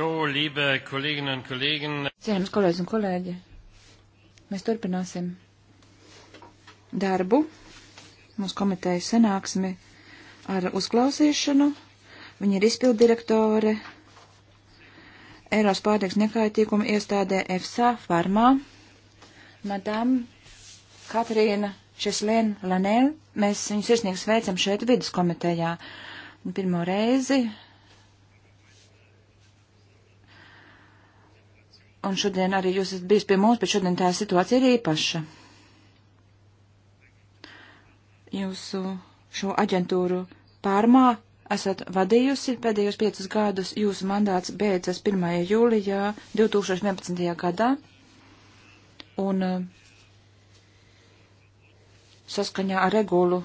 So, liebe Kolleginnen und Kollegen. Cienījams kolēģis un kolēģi, mēs turpināsim darbu, mūsu komitejas sanāksmi ar uzklausīšanu. Viņa ir izpildirektore Eiros pārtiks nekaitīguma iestādē EFSA farmā. Madam Katrīna Česlēn Lanel, mēs viņus sirsnīgi sveicam šeit vidas komitejā. Pirmo reizi Un šodien arī jūs esat bijis pie mums, bet šodien tā situācija ir īpaša. Jūsu šo aģentūru pārmā esat vadījusi pēdējos piecus gadus. Jūsu mandāts beidzas 1. jūlijā 2011. gadā. Un eh, saskaņā ar regulu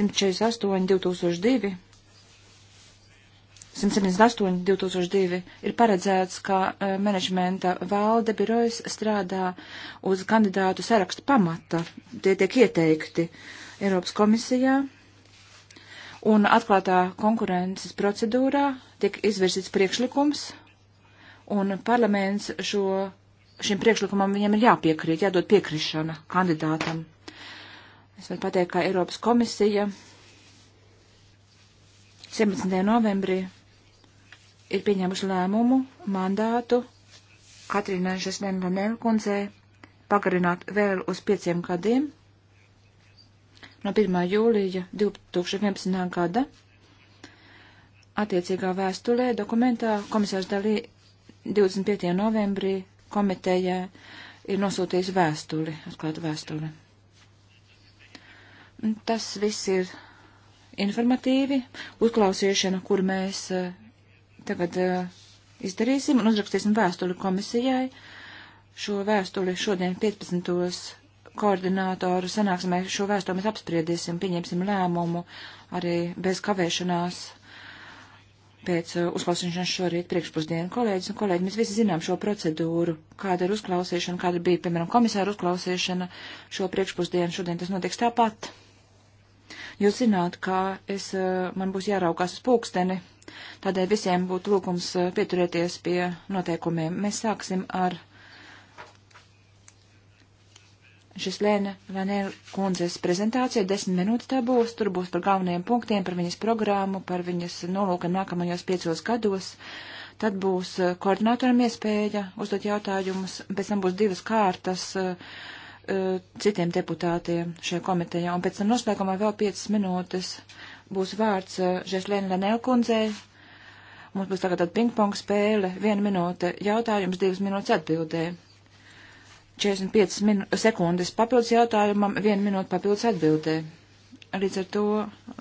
148 2002 178 2002 ir paredzēts, ka e, menedžmenta valde birojas strādā uz kandidātu sarakstu pamata. Tie tiek ieteikti Eiropas komisijā. Un atklātā konkurences procedūrā tiek izvirzīts priekšlikums, un parlaments šo, šim priekšlikumam viņam ir jāpiekrīt, jādod piekrišana kandidātam. Es varu pateikt, ka Eiropas komisija 17. novembrī ir pieņēmuši lēmumu mandātu Katrīnēšas Nenlanēna kundzē pagarināt vēl uz pieciem gadiem no 1. jūlija 2011. gada. Attiecīgā vēstulē dokumentā komisārs Dalī 25. novembrī komitejā ir nosūtījis vēstuli, atklātu vēstuli. Tas viss ir informatīvi, uzklausīšana, kur mēs eh, tagad uh, izdarīsim un uzrakstīsim vēstuli komisijai. Šo vēstuli šodien 15. koordinātoru sanāksmē šo vēstuli mēs apspriedīsim, pieņemsim lēmumu arī bez kavēšanās pēc uh, uzklausīšanas šorīt priekšpusdienu. Kolēģis un kolēģi, mēs visi zinām šo procedūru, kāda ir uzklausīšana, kāda bija, piemēram, komisāra uzklausīšana šo priekšpusdienu. Šodien tas notiks tāpat. Jūs zināt, ka es, eh, man būs jāraukās uz pulksteni, tādēļ visiem būtu lūkums eh, pieturēties pie noteikumiem. Mēs sāksim ar Žislēna Vanēla kundzes prezentācija. Desmit minūtes tā būs. Tur būs par galvenajiem punktiem, par viņas programmu, par viņas nolūkiem nākamajos piecos gados. Tad būs eh, koordinatoram iespēja uzdot jautājumus, pēc tam būs divas kārtas. Uh, E, citiem deputātiem šajā komitejā. Un pēc tam noslēgumā vēl 5 minūtes būs vārds e, Žeslēna Lenelkundzei. Mums būs tagad tāda pingpong spēle. Viena minūte jautājums, divas minūtes atbildē. 45 minu, sekundes papildus jautājumam, viena minūte papildus atbildē. Līdz ar to,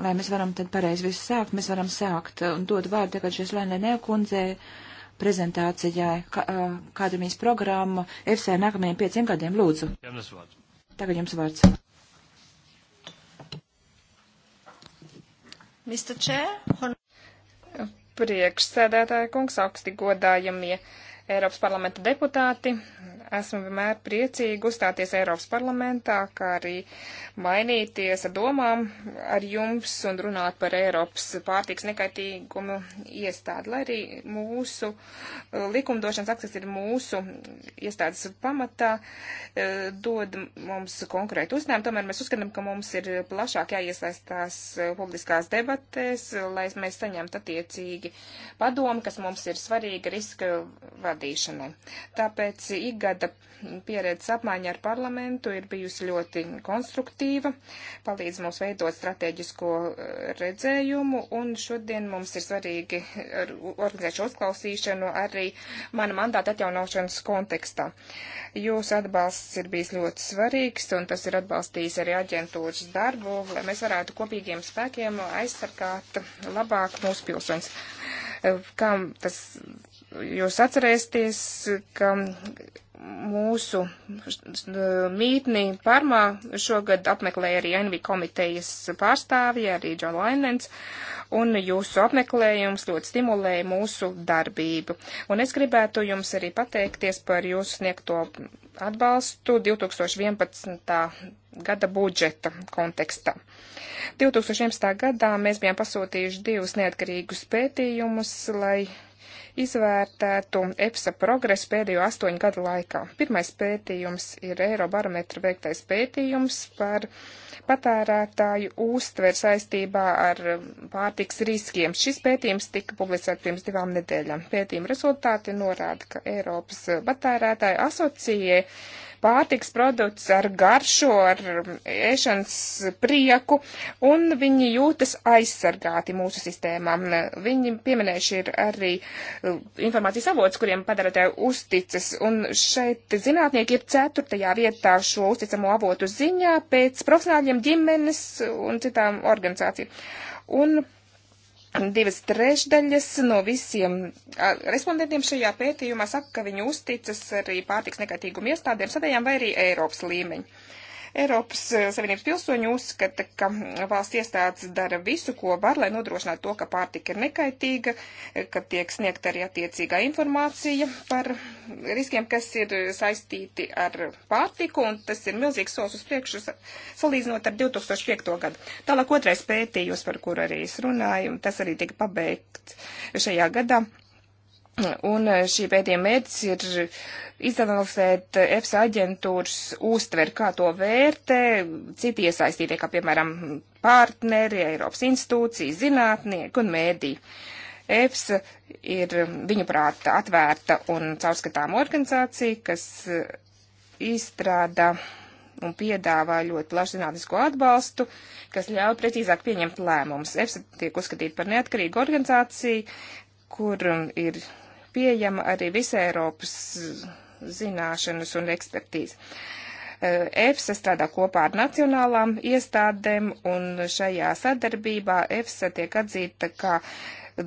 lai mēs varam tad pareizi visu sākt, mēs varam sākt un dot vārdu tagad Žeslēna Lenelkundzei. kundzei prezentācijai, kā, kāda ir viņas programma FSA nākamajiem pieciem gadiem. Lūdzu. Tagad jums vārds. Mr. Chair, priekšsēdētāja kungs, augsti godājamie Eiropas parlamenta deputāti, Esmu vienmēr priecīgi uzstāties Eiropas parlamentā, kā arī mainīties ar domām ar jums un runāt par Eiropas pārtiks nekaitīgumu iestādi, lai arī mūsu eh, likumdošanas akses ir mūsu iestādes pamatā, eh, dod mums konkrētu uzņēmumu. Tomēr mēs uzskatām, ka mums ir plašāk jāiesaistās eh, publiskās debatēs, lai mēs saņemtu attiecīgi padomu, kas mums ir svarīga riska vadīšanai. Tāpēc igad gada pieredzes apmaiņa ar parlamentu ir bijusi ļoti konstruktīva, palīdz mums veidot strateģisko eh, redzējumu, un šodien mums ir svarīgi eh, organizēt šo uzklausīšanu arī mana mandāta atjaunošanas kontekstā. Jūsu atbalsts ir bijis ļoti svarīgs, un tas ir atbalstījis arī aģentūras darbu, lai mēs varētu kopīgiem spēkiem aizsargāt labāk mūsu pilsoņus eh, kam tas jūs atcerēsieties, ka mūsu e, mītnī Parmā šogad apmeklēja arī NV komitejas pārstāvji, arī John Lainens, un jūsu apmeklējums ļoti stimulēja mūsu darbību. Un es gribētu jums arī pateikties par jūsu sniegto atbalstu 2011. gada budžeta kontekstā. 2011. gadā mēs bijām pasūtījuši divus neatkarīgus pētījumus, lai izvērtētu EPSA progresu pēdējo astoņu gadu laikā. Pirmais pētījums ir Eirobarometra veiktais pētījums par patērētāju uztver saistībā ar pārtiks riskiem. Šis pētījums tika publicēts pirms divām nedēļām. Pētījuma rezultāti norāda, ka Eiropas patērētāju asociē pārtiks produkts ar garšu, ar um, ēšanas prieku, un viņi jūtas aizsargāti mūsu sistēmām. Viņi pieminējuši ir arī uh, informācijas avots, kuriem padarētāji uzticas, un šeit zinātnieki ir ceturtajā vietā šo uzticamo avotu ziņā pēc profesionāļiem ģimenes un citām organizācijām. Un divas trešdaļas no visiem respondentiem šajā pētījumā saka, ka viņi uzticas arī pārtiks nekaitīgumu iestādēm sadējām vai arī Eiropas līmeņu. Eiropas eh, Savienības pilsoņi uzskata, ka valsts iestādes dara visu, ko var, lai nodrošinātu to, ka pārtika ir nekaitīga, eh, ka tiek sniegta arī attiecīgā informācija par riskiem, kas ir saistīti ar pārtiku, un tas ir milzīgs solis uz priekšu salīdzinot ar 2005. gadu. Tālāk otrais pētījums, par kuru arī es runāju, tas arī tika pabeigt šajā gadā. Un eh, šī pētījuma mērķis ir izanalizēt eh, EFSA aģentūras uztveri, kā to vērtē citi iesaistītie, kā piemēram partneri, Eiropas institūcijas, zinātnieki un mēdī. EFSA ir, eh, viņuprāt, atvērta un caurskatāma organizācija, kas izstrādā un piedāvā ļoti plašu zinātnisko atbalstu, kas ļauj precīzāk pieņemt lēmumus. EFSA tiek uzskatīta par neatkarīgu organizāciju, kur ir pieejama arī visai Eiropas zināšanas un ekspertīze. Eh, EFSA strādā kopā ar nacionālām iestādēm, un šajā sadarbībā EFSA tiek atzīta kā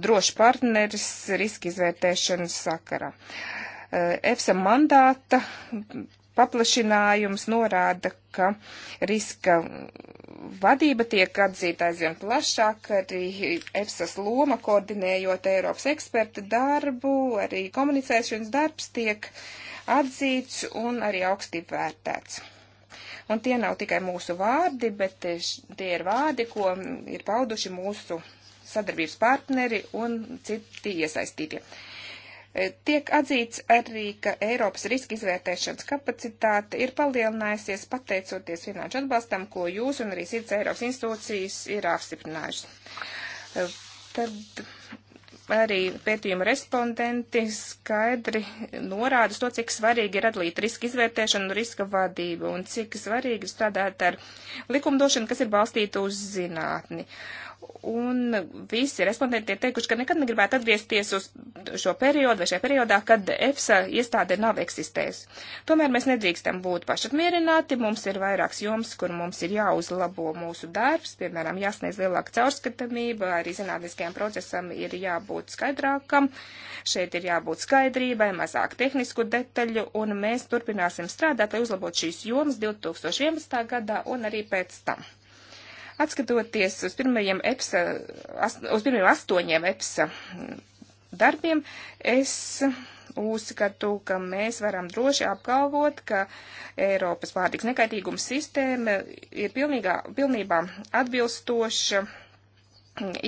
drošs partneris riski izvērtēšanas sakarā. Eh, EFSA mandāta paplašinājums norāda, ka riska vadība tiek atzīta aizvien plašāk, arī EFSAS loma koordinējot Eiropas eksperta darbu, arī komunicēšanas darbs tiek atzīts un arī augstī vērtēts. Un tie nav tikai mūsu vārdi, bet tie ir vārdi, ko ir pauduši mūsu sadarbības partneri un citi iesaistītie. Uh, Tiek atzīts arī, ka Eiropas riska izvērtēšanas kapacitāte ir palielinājusies pateicoties finanšu atbalstam, ko jūs un arī cits Eiropas institūcijas ir apstiprinājuši. Tad arī pētījuma respondenti skaidri norāda to, cik svarīgi ir atlīt riska izvērtēšanu un riska vadību, un cik svarīgi ir strādāt ar likumdošanu, kas ir balstīta uz zinātni. Un visi respondenti ir teikuši, ka nekad negribētu atgriezties uz šo periodu vai šajā periodā, kad EFSA iestāde nav eksistējusi. Tomēr mēs nedrīkstam būt pašapmierināti, mums ir vairāks joms, kur mums ir jāuzlabo mūsu darbs, piemēram, jāsniedz lielāka caurskatamība, arī zinātniskajam procesam ir jābūt skaidrākam, šeit ir jābūt skaidrībai, mazāk tehnisku detaļu, un mēs turpināsim strādāt, lai uzlabotu šīs jomas 2011. gadā un arī pēc tam. Atskatoties uz pirmajiem, EPSA, uz pirmajiem astoņiem EPSA darbiem, es uzskatu, ka mēs varam droši apgalvot, ka Eiropas pārtiks nekaitīguma sistēma ir pilnīgā, pilnībā atbilstoša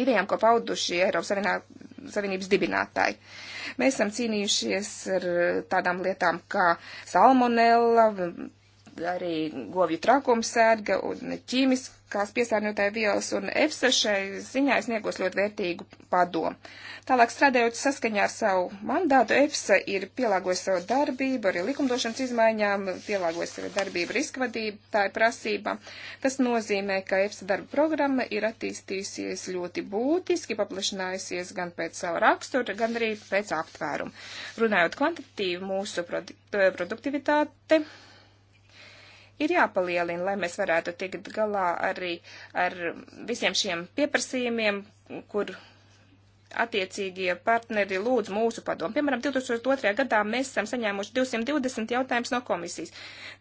idejām, ko pauduši Eiropas savienā, Savienības dibinātāji. Mēs esam cīnījušies ar tādām lietām kā salmonella, arī govju trakums sērga un ķīmiskās piesārņotāja vielas, un EFSA šai ziņā sniegos ļoti vērtīgu padomu. Tālāk strādājot saskaņā ar savu mandātu, EFSA ir pielāgojis savu darbību, arī likumdošanas izmaiņām, pielāgojis savu darbību riskvadītāju prasībām. Tas nozīmē, ka EFSA darba programma ir attīstījusies ļoti būtiski, paplašinājusies gan pēc savu raksturu, gan arī pēc aptvērumu. Runājot kvantitīvi, mūsu produktivitāte ir jāpalielina, lai mēs varētu tikt galā arī ar visiem šiem pieprasījumiem, kur attiecīgie partneri lūdz mūsu padomu. Piemēram, 2002. gadā mēs esam saņēmuši 220 jautājumus no komisijas.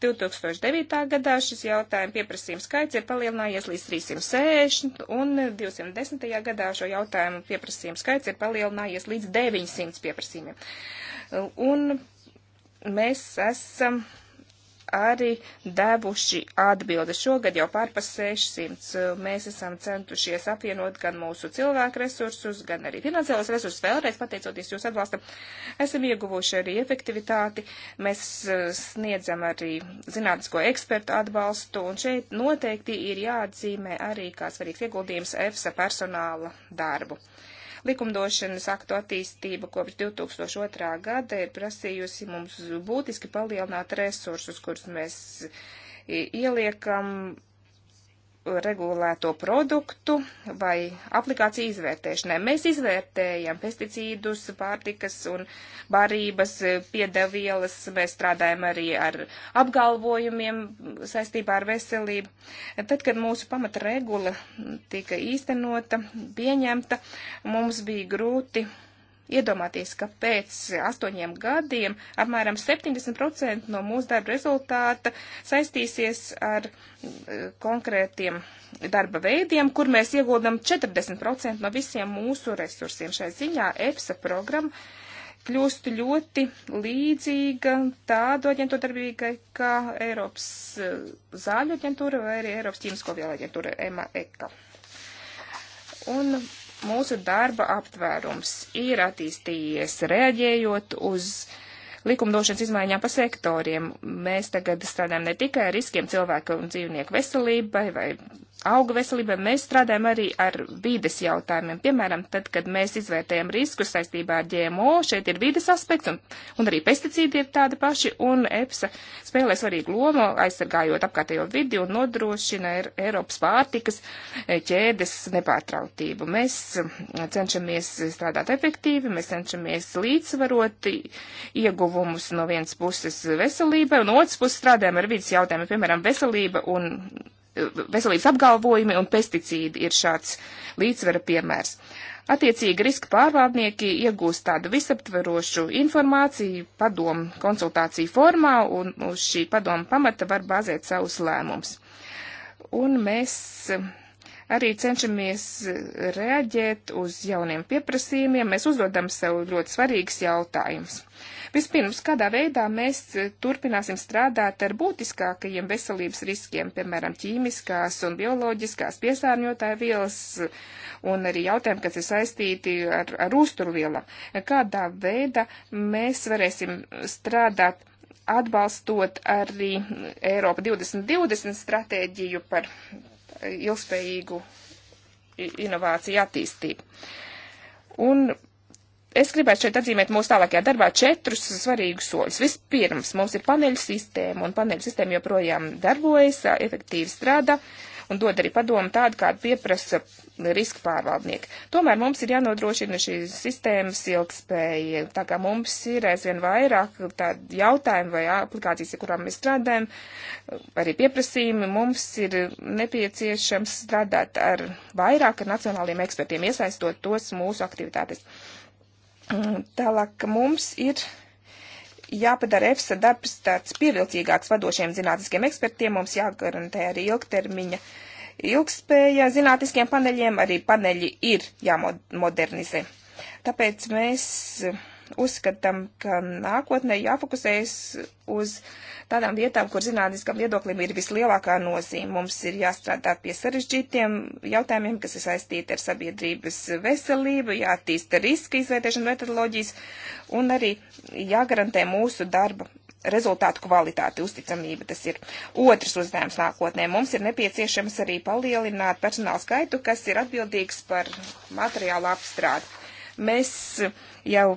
2009. gadā šis jautājumu pieprasījums skaits ir palielinājies līdz 360, un 210. gadā šo jautājumu pieprasījumu skaits ir palielinājies līdz 900 pieprasījumiem. Un mēs esam. Um, arī devuši atbildi. Šogad jau pārpas 600 eh, mēs esam centušies apvienot gan mūsu cilvēku resursus, gan arī finansiālos resursus. Vēlreiz pateicoties jūs atbalstam, esam ieguvuši arī efektivitāti. Mēs eh, sniedzam arī zinātnisko ekspertu atbalstu, un šeit noteikti ir jāatzīmē arī kā svarīgs ieguldījums EFSA personāla darbu. Likumdošanas aktu attīstība kopš 2002. gada ir prasījusi mums būtiski palielināt resursus, kurus mēs ieliekam regulēto produktu vai aplikāciju izvērtēšanai. Mēs izvērtējam pesticīdus, pārtikas un barības piedevielas, mēs strādājam arī ar apgalvojumiem saistībā ar veselību. Tad, kad mūsu pamata regula tika īstenota, pieņemta, mums bija grūti Iedomāties, ka pēc astoņiem gadiem apmēram 70% no mūsu darba rezultāta saistīsies ar eh, konkrētiem darba veidiem, kur mēs ieguldam 40% no visiem mūsu resursiem. Šai ziņā EPSA programma kļūst ļoti līdzīga tādu aģentūru darbībai, kā Eiropas eh, zāļu aģentūra vai arī Eiropas ķīmisko vielu aģentūra EMA EKA. Un mūsu darba aptvērums ir attīstījies reaģējot uz likumdošanas izmaiņām pa sektoriem. Mēs tagad strādājam ne tikai ar riskiem cilvēku un dzīvnieku veselībai vai auga veselībai, mēs strādājam arī ar vides jautājumiem. Piemēram, tad, kad mēs izvērtējam riskus saistībā ar GMO, šeit ir vides aspekts, un, un arī pesticīdi ir tādi paši, un EPSA spēlē svarīgu lomu, aizsargājot apkārtējo vidi un nodrošina er, Eiropas pārtikas eh, ķēdes nepārtrautību. Mēs eh, cenšamies strādāt efektīvi, mēs cenšamies līdzsvarot ieguvumus no vienas puses veselībai, un otras puses strādājam ar vidas jautājumiem, piemēram, veselība un veselības apgalvojumi un pesticīdi ir šāds līdzsvera piemērs. Attiecīgi riska pārvaldnieki iegūst tādu visaptverošu informāciju padomu konsultāciju formā un uz šī padomu pamata var bāzēt savus lēmumus. Un mēs eh, arī cenšamies eh, reaģēt uz jauniem pieprasījumiem. Mēs uzdodam sev ļoti svarīgus jautājumus. Vispirms, kādā veidā mēs e, turpināsim strādāt ar būtiskākajiem veselības riskiem, piemēram, ķīmiskās un bioloģiskās piesārņotāja vielas un arī jautājumi, kas ir saistīti ar, ar uzturvielām. Kādā veidā mēs varēsim strādāt atbalstot arī Eiropa 2020 stratēģiju par ilgspējīgu inovāciju attīstību. Un Es gribētu šeit atzīmēt mūsu tālākajā darbā četrus svarīgus soļus. Vispirms mums ir paneļu sistēma, un paneļu sistēma joprojām darbojas, efektīvi strādā un dod arī padomu tādu, kādu pieprasa riska pārvaldnieki. Tomēr mums ir jānodrošina šīs sistēmas ilgspēja, tā kā mums ir aizvien vairāk tādu jautājumu vai aplikācijas, ar kurām mēs strādājam, arī pieprasījumi, mums ir nepieciešams strādāt ar vairāk ar nacionāliem ekspertiem, iesaistot tos mūsu aktivitātes. Mm, tālāk mums ir jāpadara EFSA darbs tāds pievilcīgāks vadošiem zinātniskiem ekspertiem, mums jāgarantē arī ilgtermiņa ilgspēja zinātniskiem paneļiem, arī paneļi ir jāmodernizē. Tāpēc mēs uzskatām, ka nākotnē jāfokusējas uz tādām vietām, kur zinātniskam viedoklim ir vislielākā nozīme. Mums ir jāstrādā pie sarežģītiem jautājumiem, kas ir saistīti ar sabiedrības veselību, jāattīsta riska izvērtēšana metodoloģijas un arī jāgarantē mūsu darba rezultātu kvalitāti, uzticamība. Tas ir otrs uzdevums nākotnē. Mums ir nepieciešams arī palielināt personāla skaitu, kas ir atbildīgs par materiālu apstrādi. Mēs jau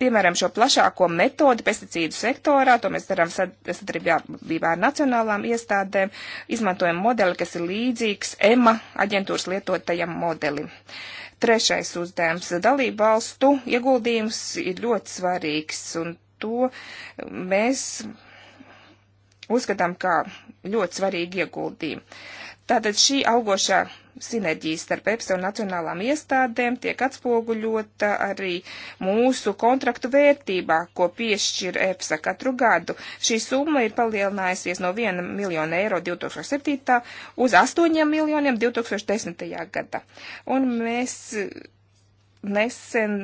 piemēram, šo plašāko metodi pesticīdu sektorā, to mēs darām sadarbībā ar nacionālām iestādēm, izmantojam modeli, kas ir līdzīgs EMA aģentūras lietotajam modelim. Trešais uzdevums - dalību valstu ieguldījums ir ļoti svarīgs, un to mēs uzskatām kā ļoti svarīgi ieguldījumi. Tātad šī augošā sinerģijas starp EPSA un nacionālām iestādēm tiek atspoguļota arī mūsu kontraktu vērtībā, ko piešķir EPSA katru gadu. Šī summa ir palielinājusies no 1 miljona eiro 2007. uz 8 miljoniem 2010. gada. Un mēs nesen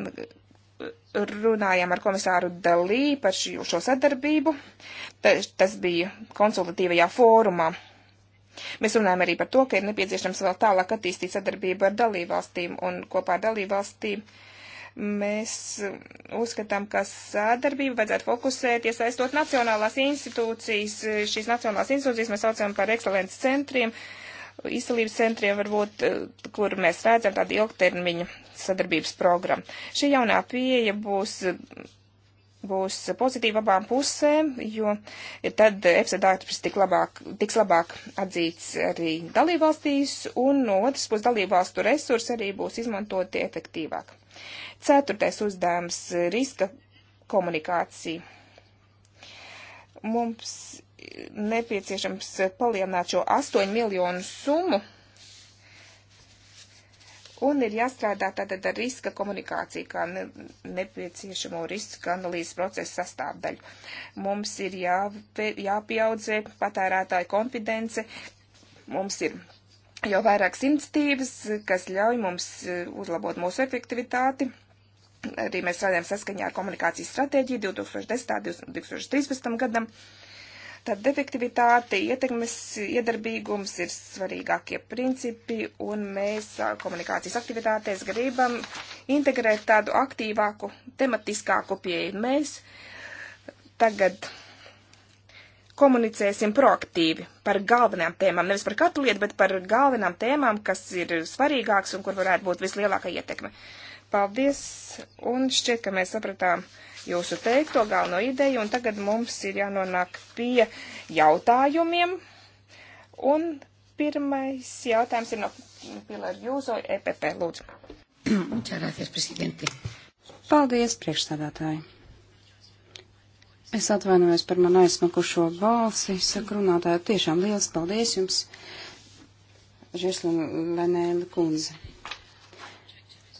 runājām ar komisāru Dalī par šo sadarbību. Tas bija konsultatīvajā fórumā Mēs runājam arī par to, ka ir nepieciešams vēl tālāk attīstīt sadarbību ar dalībvalstīm un kopā ar dalībvalstīm. Mēs uzskatām, ka sadarbību vajadzētu fokusēties aizstot nacionālās institūcijas. Šīs nacionālās institūcijas mēs saucam par ekscelences centriem, izcelības centriem varbūt, kur mēs redzam tādu ilgtermiņu sadarbības programmu. Šī jaunā pieeja būs būs pozitīva abām pusēm, jo tad EFSA darbs tik labāk, tiks labāk atzīts arī dalībvalstīs, un no otras puses dalībvalstu resursi arī būs izmantoti efektīvāk. Ceturtais uzdevums - riska komunikācija. Mums nepieciešams palielināt šo 8 miljonu summu Un ir jāstrādā tātad ar riska komunikāciju, kā nepieciešamo riska analīzes procesa sastāvdaļu. Mums ir jāpieaudzē patērētāju konfidence, mums ir jau vairāk simtstīvas, kas ļauj mums e, uzlabot mūsu efektivitāti. Arī mēs strādājam saskaņā ar komunikācijas stratēģiju 2010. un 2013. gadam. Tad efektivitāte, ietekmes, iedarbīgums ir svarīgākie principi, un mēs komunikācijas aktivitātēs gribam integrēt tādu aktīvāku, tematiskāku pieeju. Mēs tagad komunicēsim proaktīvi par galvenām tēmām, nevis par katru lietu, bet par galvenām tēmām, kas ir svarīgākas un kur varētu būt vislielākā ietekme. Paldies, un šķiet, ka mēs sapratām jūsu teikto, galveno ideju, un tagad mums ir jānonāk pie jautājumiem. Un pirmais jautājums ir no Pilar Jūzo, EPP, lūdzu. Muchas gracias, presidente. Paldies, priekšstādātāji. Es atvainojos par man aizmakušo balsi, saka runātāju, tiešām liels paldies jums, Žeslina Lenēla kundze.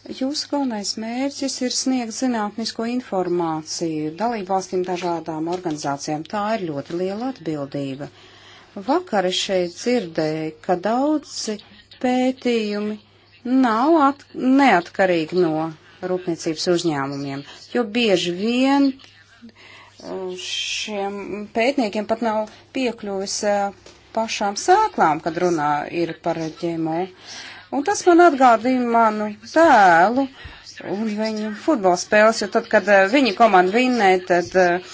Jūsu galvenais mērķis ir sniegt zinātnisko informāciju dalībvalstīm dažādām organizācijām. Tā ir ļoti liela atbildība. Vakar es šeit dzirdēju, ka daudzi pētījumi nav at neatkarīgi no rūpniecības uzņēmumiem, jo bieži vien uh, šiem pētniekiem pat nav piekļuvis uh, pašām sēklām, kad runā ir par ģēmo. Uh, Un tas man atgādīja manu tēlu un viņu futbola spēles, jo tad, kad eh, viņa komanda vinnēja, tad eh,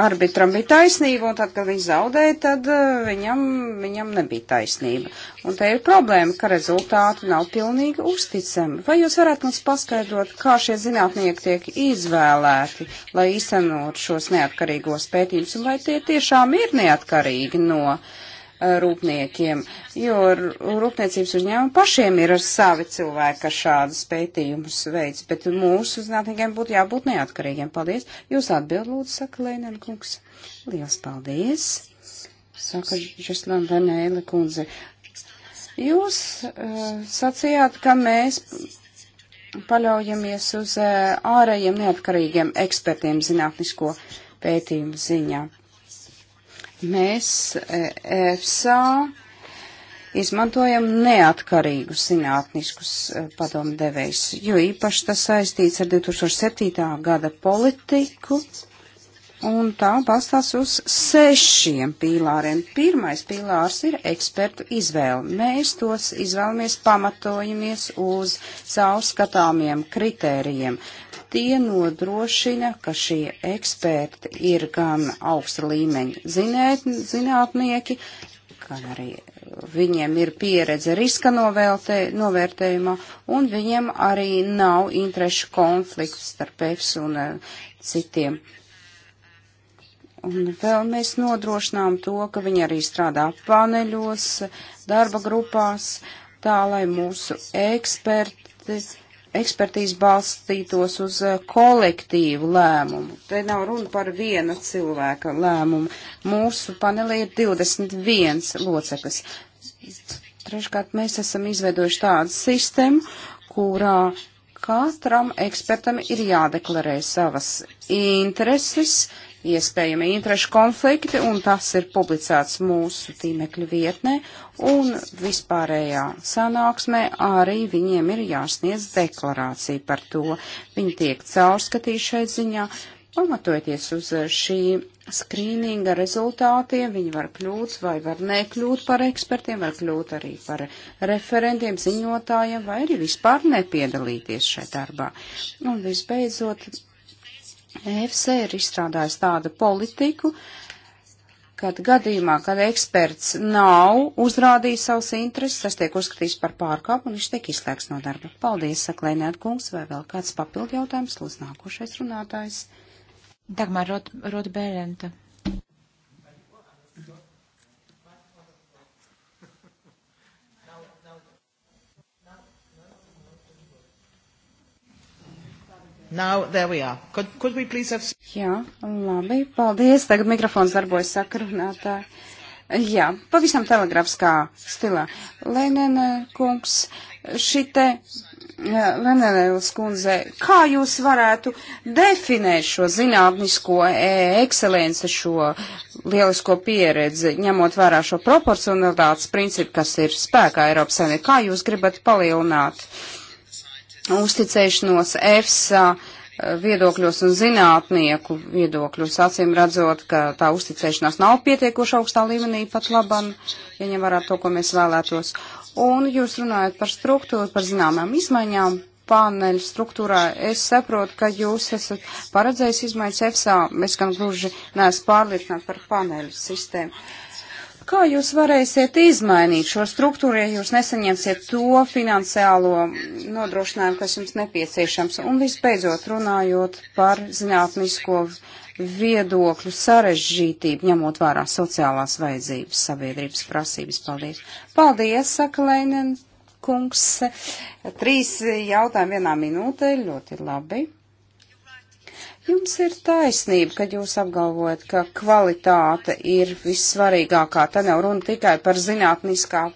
arbitram bija taisnība, un tad, kad viņš zaudēja, tad eh, viņam, viņam nebija taisnība. Un te ir problēma, ka rezultāti nav pilnīgi uzticami. Vai jūs varētu mums paskaidrot, kā šie zinātnieki tiek izvēlēti, lai īstenot šos neatkarīgos pētījumus, un vai tie tiešām ir neatkarīgi no uh, rūpniekiem, jo rūpniecības uzņēmumi pašiem ir savi cilvēki, kas šādus pētījumus veids, bet mūsu zinātniekiem būtu jābūt neatkarīgiem. Paldies! Jūs atbild lūdzu, saka Lēnēna kungs. Liels paldies! Saka Žeslana Venēla kundze. Jūs uh, sacījāt, ka mēs paļaujamies uz uh, ārējiem neatkarīgiem ekspertiem zinātnisko pētījumu ziņā. Mēs e, EFSA izmantojam neatkarīgus zinātniskus e, padomdevējus, jo īpaši tas saistīts ar 2007. gada politiku un tā balstās uz sešiem pīlāriem. Pirmais pīlārs ir ekspertu izvēle. Mēs tos izvēlamies pamatojamies uz caurskatāmiem kritērijiem. Tie nodrošina, ka šie eksperti ir gan augsta līmeņa zinēt, zinātnieki, gan arī viņiem ir pieredze riska novērtē, novērtējumā, un viņiem arī nav interešu konflikts starp EFS un uh, citiem uh, Un vēl mēs nodrošinām to, ka viņi arī strādā paneļos, darba grupās, tā lai mūsu eksperti, ekspertīze balstītos uz eh, kolektīvu lēmumu. Te nav runa par viena cilvēka lēmumu. Mūsu panelī ir 21 loceklis. Treškārt, mēs esam izveidojuši tādu sistēmu, kurā katram ekspertam ir jādeklarē savas intereses, iespējami interešu konflikti, un tas ir publicēts mūsu tīmekļa vietnē, un vispārējā sanāksmē arī viņiem ir jāsniedz deklarācija par to. Viņi tiek caurskatīti šai ziņā, pamatojoties uz šī skrīninga rezultātiem, viņi var kļūt vai var nekļūt par ekspertiem, var kļūt arī par referentiem, ziņotājiem, vai arī vispār nepiedalīties šai darbā. Un visbeidzot, EFSA ir izstrādājusi tādu politiku, kad gadījumā, kad eksperts nav uzrādījis savus intereses, tas tiek uzskatīts par pārkāpumu un viņš tiek izslēgts no darba. Paldies, saka Lēnēt kungs, vai vēl kāds papildu jautājums, lūdzu nākošais runātājs. Dagmar Rot Rotbērenta. Rot Now, there we are. Could, could we please have... Jā, labi, paldies. Tagad mikrofons darbojas sakrunātāji. Jā, pavisam telegrafiskā stilā. Lenina kungs, šite, Lenelēls kundze, kā jūs varētu definēt šo zinātnisko ekscelenci, šo lielisko pieredzi, ņemot vērā šo proporcionalitātes principu, kas ir spēkā Eiropas Savienībā? Kā jūs gribat palielināt? Uh, uzticēšanos EFSA eh, viedokļos un zinātnieku viedokļos, acīm redzot, ka tā uzticēšanās nav pietiekoši augstā līmenī pat laban, ja ņem vērā to, ko mēs vēlētos. Un jūs runājat par struktūru, par zināmām izmaiņām pāneļu struktūrā. Es saprotu, ka jūs esat paredzējis izmaiņas EFSA, mēs gan gluži neesam pārliecināti par pāneļu sistēmu. Uh, Kā jūs varēsiet izmainīt šo struktūru, ja jūs nesaņemsiet to finansiālo nodrošinājumu, kas jums nepieciešams? Un visbeidzot, runājot par zinātnisko viedokļu sarežģītību, ņemot vērā sociālās vajadzības, sabiedrības prasības. Paldies! Paldies, saka Leinen kungs. Trīs jautājumi vienā minūtē, ļoti labi. Jums ir taisnība, kad jūs apgalvojat, ka kvalitāte ir vissvarīgākā. Te nav runa tikai par zinātniskā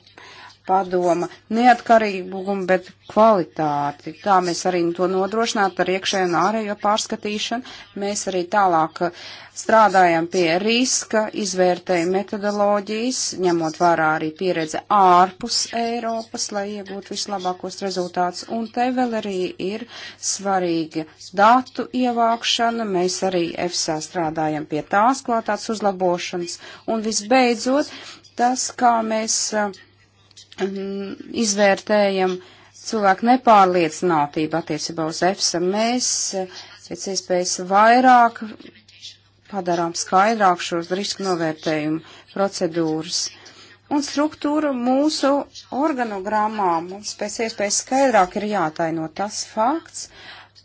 padoma neatkarīgumu, bet kvalitāti. Tā mēs arī to nodrošinātu ar iekšējo un ārējo pārskatīšanu. Mēs arī tālāk uh, strādājam pie riska, izvērtējam metodoloģijas, ņemot vērā arī pieredze ārpus Eiropas, lai iegūtu vislabākos rezultātus. Un te vēl arī ir svarīga datu ievākšana. Mēs arī EFSA strādājam pie tās kvalitātes uzlabošanas. Un visbeidzot, tas, kā mēs uh, izvērtējam cilvēku nepārliecinātību attiecībā uz EFSA. Mēs eh, pēc iespējas vairāk padarām skaidrāk šos risku novērtējumu procedūras. Un struktūra mūsu organogrammā mums pēc iespējas skaidrāk ir jātaino tas fakts,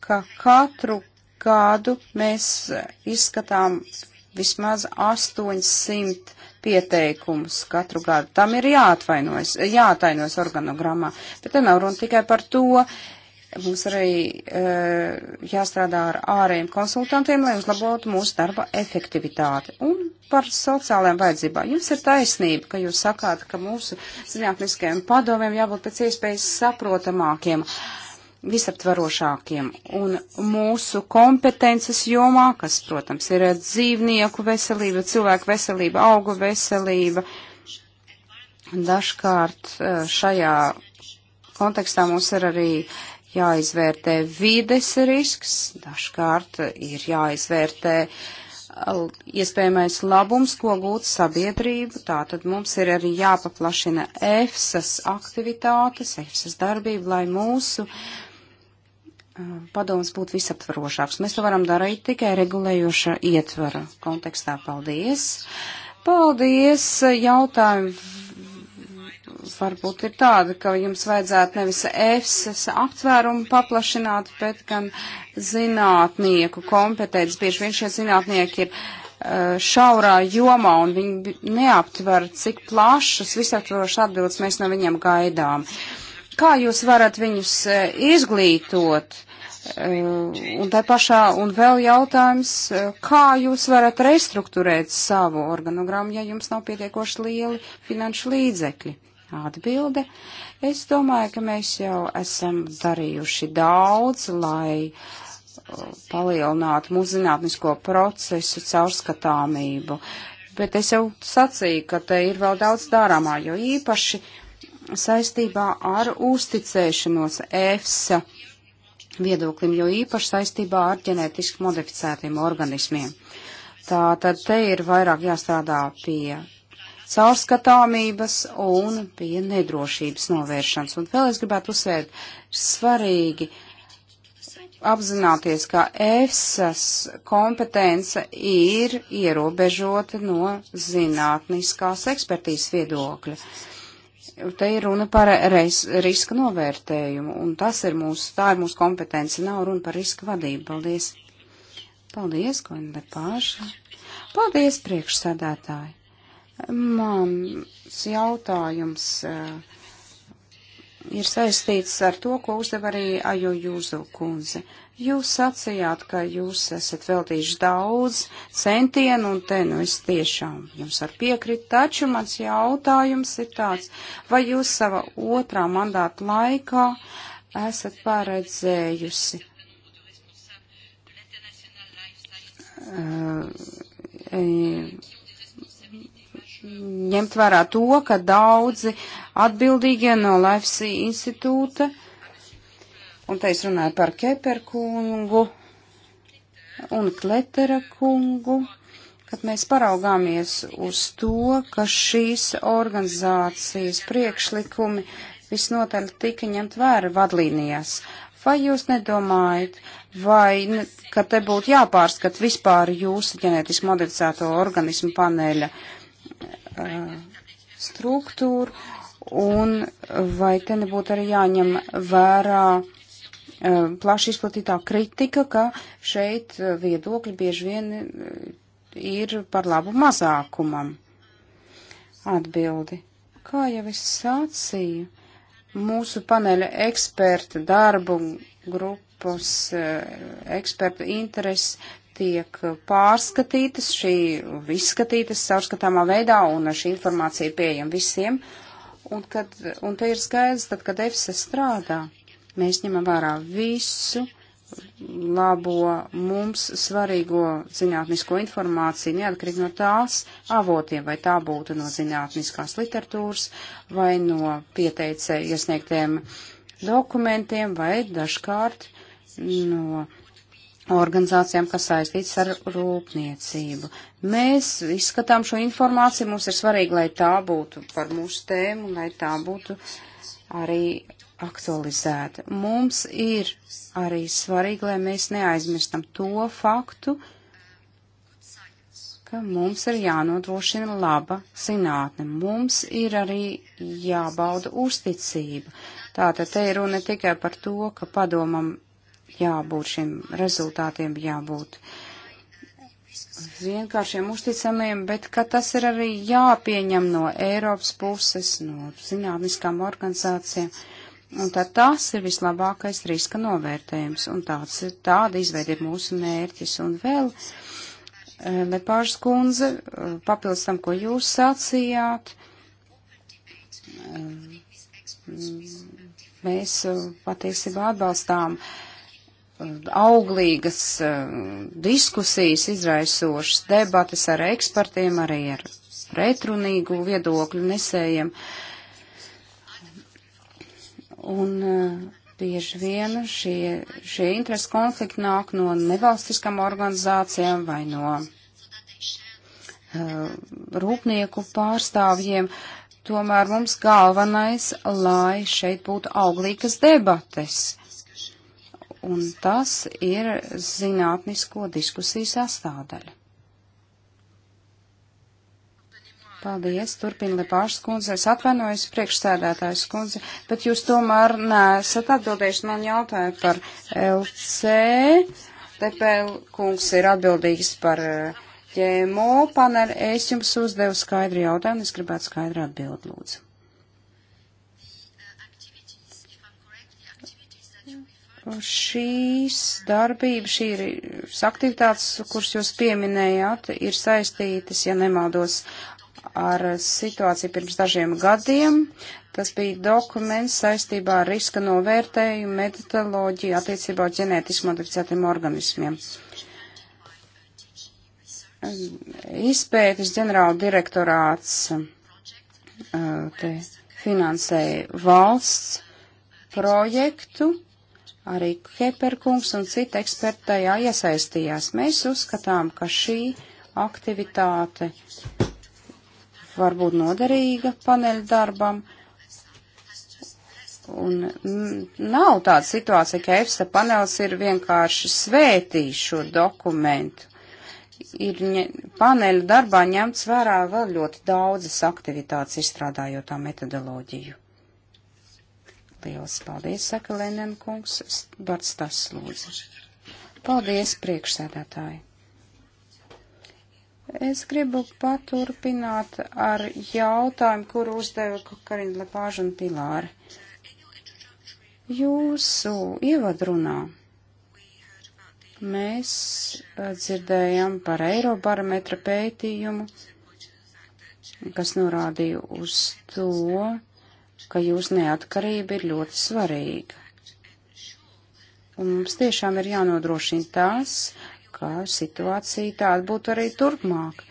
ka katru gadu mēs eh, izskatām vismaz 800 pieteikumus katru gadu. Tam ir jāatvainojas, jāatainojas organogrammā. Bet te nav runa tikai par to. Mums arī e, jāstrādā ar ārējiem konsultantiem, lai uzlabotu mūsu darba efektivitāti. Un par sociālajām vajadzībām. Jums ir taisnība, ka jūs sakāt, ka mūsu zinātniskajiem padomiem jābūt pēc iespējas saprotamākiem. E, visaptvarošākiem. Un mūsu kompetences jomā, kas, protams, ir dzīvnieku veselība, cilvēku veselība, augu veselība, dažkārt eh, šajā kontekstā mums ir arī jāizvērtē vides risks, dažkārt ir jāizvērtē eh, iespējamais labums, ko gūt sabiedrību. Tātad mums ir arī jāpaplašina EFSAS aktivitātes, EFSAS darbība, lai mūsu uh, padoms būtu visaptvarošāks. Mēs to varam darīt tikai regulējoša ietvara kontekstā. Paldies! Paldies! Jautājumi varbūt ir tādi, ka jums vajadzētu nevis EFSAS aptvērumu paplašināt, bet gan zinātnieku kompetenci. Bieži vien šie zinātnieki ir eh, šaurā jomā un viņi neaptver, cik plašas visaptvarošas atbildes mēs no viņiem gaidām. Kā jūs varat viņus eh, izglītot? Un tā pašā, un vēl jautājums, kā jūs varat restruktūrēt savu organogramu, ja jums nav pietiekoši lieli finanšu līdzekļi? Atbilde. Es domāju, ka mēs jau esam darījuši daudz, lai uh, palielinātu mūsu zinātnisko procesu caurskatāmību. Bet es jau sacīju, ka te ir vēl daudz darāmā, jo īpaši saistībā ar uzticēšanos EFSA viedoklim, jo īpaši saistībā ar ģenētiski modificētiem organismiem. Tā tad te ir vairāk jāstrādā pie caurskatāmības un pie nedrošības novēršanas. Un vēl es gribētu uzsvērt, svarīgi apzināties, ka EFSAS kompetence ir ierobežota no zinātniskās ekspertīzes viedokļa. Uh, Te ir runa par reis, riska novērtējumu, un tas ir mūsu, tā ir mūsu kompetence, nav runa par riska vadību. Paldies! Paldies, Gwenda Pāša! Paldies, priekšsādātāji! Mans jautājums. Uh, ir saistīts ar to, ko uzdev arī Ajo Jūzu kundze. Jūs sacījāt, ka jūs esat veltījuši daudz centienu, un te nu es tiešām jums varu piekrīt, taču mans jautājums ir tāds, vai jūs sava otrā mandāta laikā esat paredzējusi uh, ņemt vērā to, ka daudzi atbildīgie no Latvijas institūta, un te es runāju par Keper kungu un Kletera kungu, kad mēs paraugāmies uz to, ka šīs organizācijas priekšlikumi visnotaļ tika ņemt vērā vadlīnijās. Vai jūs nedomājat, vai, ne, ka te būtu jāpārskat vispār jūsu ģenētiski modificēto organismu paneļa uh, Uh, struktūru, un vai te nebūtu arī jāņem vērā uh, plaši izplatītā kritika, ka šeit viedokļi bieži vien uh, ir par labu mazākumam. Atbildi. Kā jau es sācīju, mūsu paneļa eksperta darbu grupas eksperta interesi tiek pārskatītas, šī izskatītas caurskatāmā veidā un šī informācija pieejama visiem. Un, kad, un te ir skaidrs, tad, kad EFSA strādā, mēs ņemam vērā visu labo mums svarīgo zinātnisko informāciju, neatkarīgi no tās avotiem, vai tā būtu no zinātniskās literatūras, vai no pieteicēju iesniegtiem dokumentiem, vai dažkārt no organizācijām, kas saistīts ar rūpniecību. Mēs izskatām šo informāciju, mums ir svarīgi, lai tā būtu par mūsu tēmu, lai tā būtu arī aktualizēta. Mums ir arī svarīgi, lai mēs neaizmirstam to faktu, ka mums ir jānodrošina laba zinātne. Mums ir arī jābauda uzticība. Tātad te ir runa tikai par to, ka padomam jābūt šiem rezultātiem, jābūt vienkāršiem uzticamiem, bet ka tas ir arī jāpieņem no Eiropas puses, no zinātniskām organizācijām. Un tad tas ir vislabākais riska novērtējums, un tāds, tāda izveida ir mūsu mērķis. Un vēl, eh, Lepāžas kundze, eh, papildus tam, ko jūs sacījāt, eh, mēs patiesībā atbalstām uh, auglīgas eh, diskusijas, izraisošas debates ar ekspertiem, arī ar pretrunīgu viedokļu nesējiem. Un eh, bieži vien šie, šie interesi konflikti nāk no nevalstiskām organizācijām vai no uh, rūpnieku pārstāvjiem. Tomēr mums galvenais, lai šeit būtu auglīgas debates. Uh, un tas ir zinātnisko diskusiju sastāvdaļa. Paldies, turpina Lepāšas kundze. Es atvainojos priekšsēdētājas kundze, bet jūs tomēr nesat atbildējuši man jautāju par LC. Tepēl kungs ir atbildīgs par ģēmo eh, paneli. Es jums uzdevu skaidru jautājumu, es gribētu skaidru atbildi, lūdzu. Šīs darbības, šī ir aktivitātes, kuras jūs pieminējāt, ir saistītas, ja nemaldos, ar situāciju pirms dažiem gadiem. Tas bija dokuments saistībā ar riska novērtējumu metodoloģiju attiecībā uz ģenētiski modificētiem organismiem. Izpētes ģenerāla direktorāts uh, te finansēja valsts projektu, Arī Keperkungs un citi eksperti tajā iesaistījās. Mēs uzskatām, ka šī aktivitāte var būt noderīga paneļa darbam. Un nav tāda situācija, ka EFSA panels ir vienkārši svētījis šo dokumentu. Ir paneļa darbā ņemts vērā vēl ļoti daudzas aktivitātes, izstrādājot tā metodoloģiju. Lielas paldies, saka Lenēna kungs, vārds tas lūdzu. Paldies, priekšsēdētāji. Es gribu paturpināt ar jautājumu, kuru uzdeva Karina Lepāža un Pilāri. Jūsu ievadrunā mēs uh, dzirdējām par Eirobarometra pētījumu, kas norādīja uz to, ka jūsu neatkarība ir ļoti svarīga. Un mums tiešām ir jānodrošina tās, ka situācija tāda būtu arī turpmāk.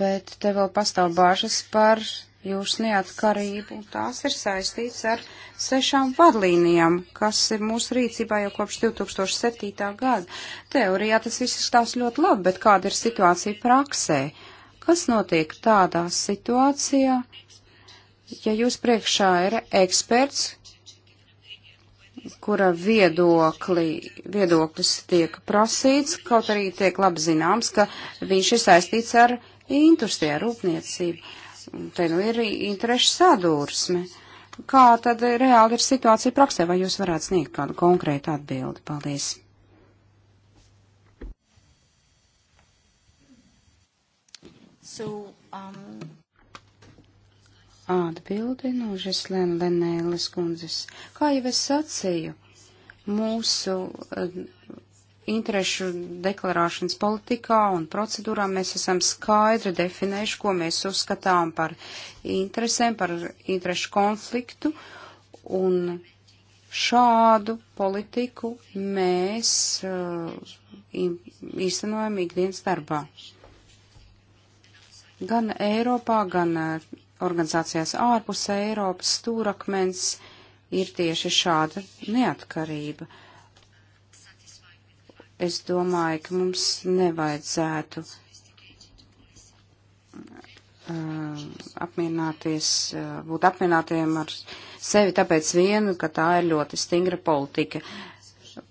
Bet te vēl pastāv bāžas par jūsu neatkarību. Tās ir saistīts ar sešām vadlīnijām, kas ir mūsu rīcībā jau kopš 2007. gada. Teorijā tas viss izskatās ļoti labi, bet kāda ir situācija praksē? Kas notiek tādā situācijā, ja jūs priekšā ir eksperts, kura viedokli, viedoklis tiek prasīts, kaut arī tiek labi zināms, ka viņš ir saistīts ar industrijā, rūpniecību. Te nu ir interešu sadursme. Kā tad reāli ir situācija praksē, vai jūs varētu sniegt kādu konkrētu atbildi? Paldies! So, um... Atbildi no Žislēna Lenēlas kundzes. Kā jau es sacīju, mūsu uh, interešu deklarāšanas politikā un procedūrā mēs esam skaidri definējuši, ko mēs uzskatām par interesēm, par interešu konfliktu, un šādu politiku mēs uh, īstenojam ikdienas darbā. Uh, Gan Eiropā, gan eh, organizācijās ārpus Eiropas stūrakmens ir tieši šāda neatkarība. Es domāju, ka mums nevajadzētu Uh, apmierināties, uh, būt apmierinātiem ar sevi tāpēc vienu, ka tā ir ļoti stingra politika.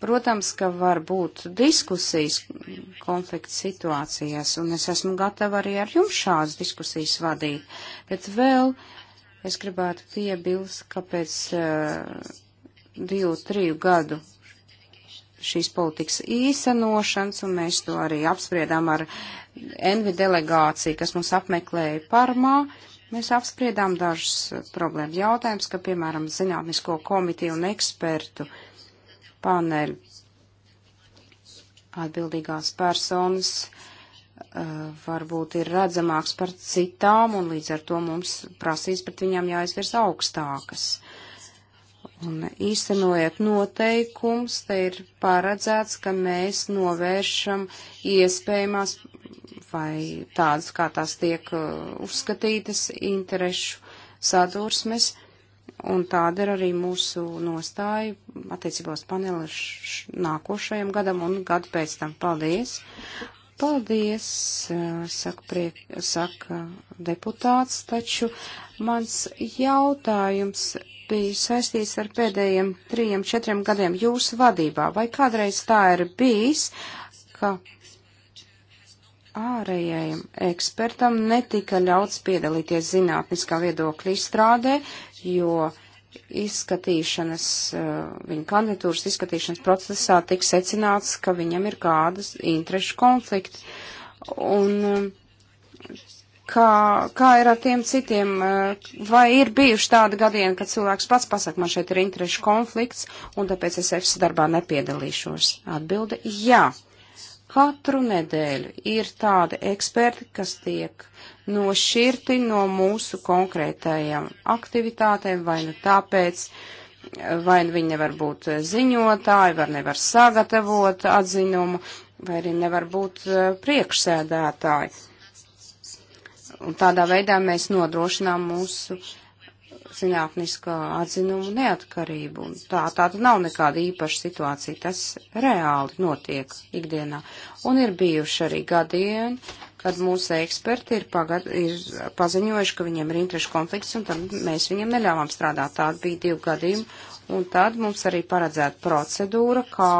Protams, ka var būt diskusijas konflikta situācijās, un es esmu gatava arī ar jums šādas diskusijas vadīt. Bet vēl es gribētu piebilst, ka pēc uh, divu, triju gadu šīs politikas īsenošanas, un mēs to arī apspriedām ar Envi delegāciju, kas mums apmeklēja Parmā, Mēs apspriedām dažus problēmu jautājumus, ka, piemēram, zinātnisko komiteju un ekspertu paneļu. Atbildīgās personas uh, varbūt ir redzamāks par citām, un līdz ar to mums prasīs pret viņām jāizvirs augstākas. Un īstenojot noteikums, te ir paredzēts, ka mēs novēršam iespējamās vai tādas, kā tās tiek uh, uzskatītas, interešu sadursmes Un tāda ir arī mūsu nostāja attiecībā uz paneli nākošajam gadam un gadu pēc tam. Paldies! Paldies, eh, saka, priek, saka deputāts, taču mans jautājums bija saistīts ar pēdējiem trījiem, četriem gadiem jūsu vadībā. Vai kādreiz tā ir bijis, ka ārējajam ekspertam netika ļauts piedalīties zinātniskā viedokļa izstrādē, jo izskatīšanas, eh, viņa kandidatūras izskatīšanas procesā tik secināts, ka viņam ir kādas interešu konflikti. Un eh, kā, kā ir ar tiem citiem? Eh, vai ir bijuši tādi gadieni, kad cilvēks pats pasaka, man šeit ir interešu konflikts, un tāpēc es EFSA darbā nepiedalīšos? Atbilde - jā. Katru nedēļu ir tādi eksperti, kas tiek nošķirti no mūsu konkrētajām aktivitātēm, vai nu tāpēc, vai nu viņi nevar būt ziņotāji, vai nevar sagatavot atzinumu, vai arī nevar būt e, priekšsēdētāji. Un tādā veidā mēs nodrošinām mūsu uh, zinātniskā atzinumu neatkarību. Un tā tāda nav nekāda īpaša situācija. Tas reāli notiek ikdienā. Un ir bijuši arī gadieni, kad mūsu eksperti ir, pagad, ir paziņojuši, ka viņiem ir interešu konflikts, un tad mēs viņiem neļāvām strādāt. Tāda bija divi gadījumi. Un tad mums arī paredzēta procedūra, kā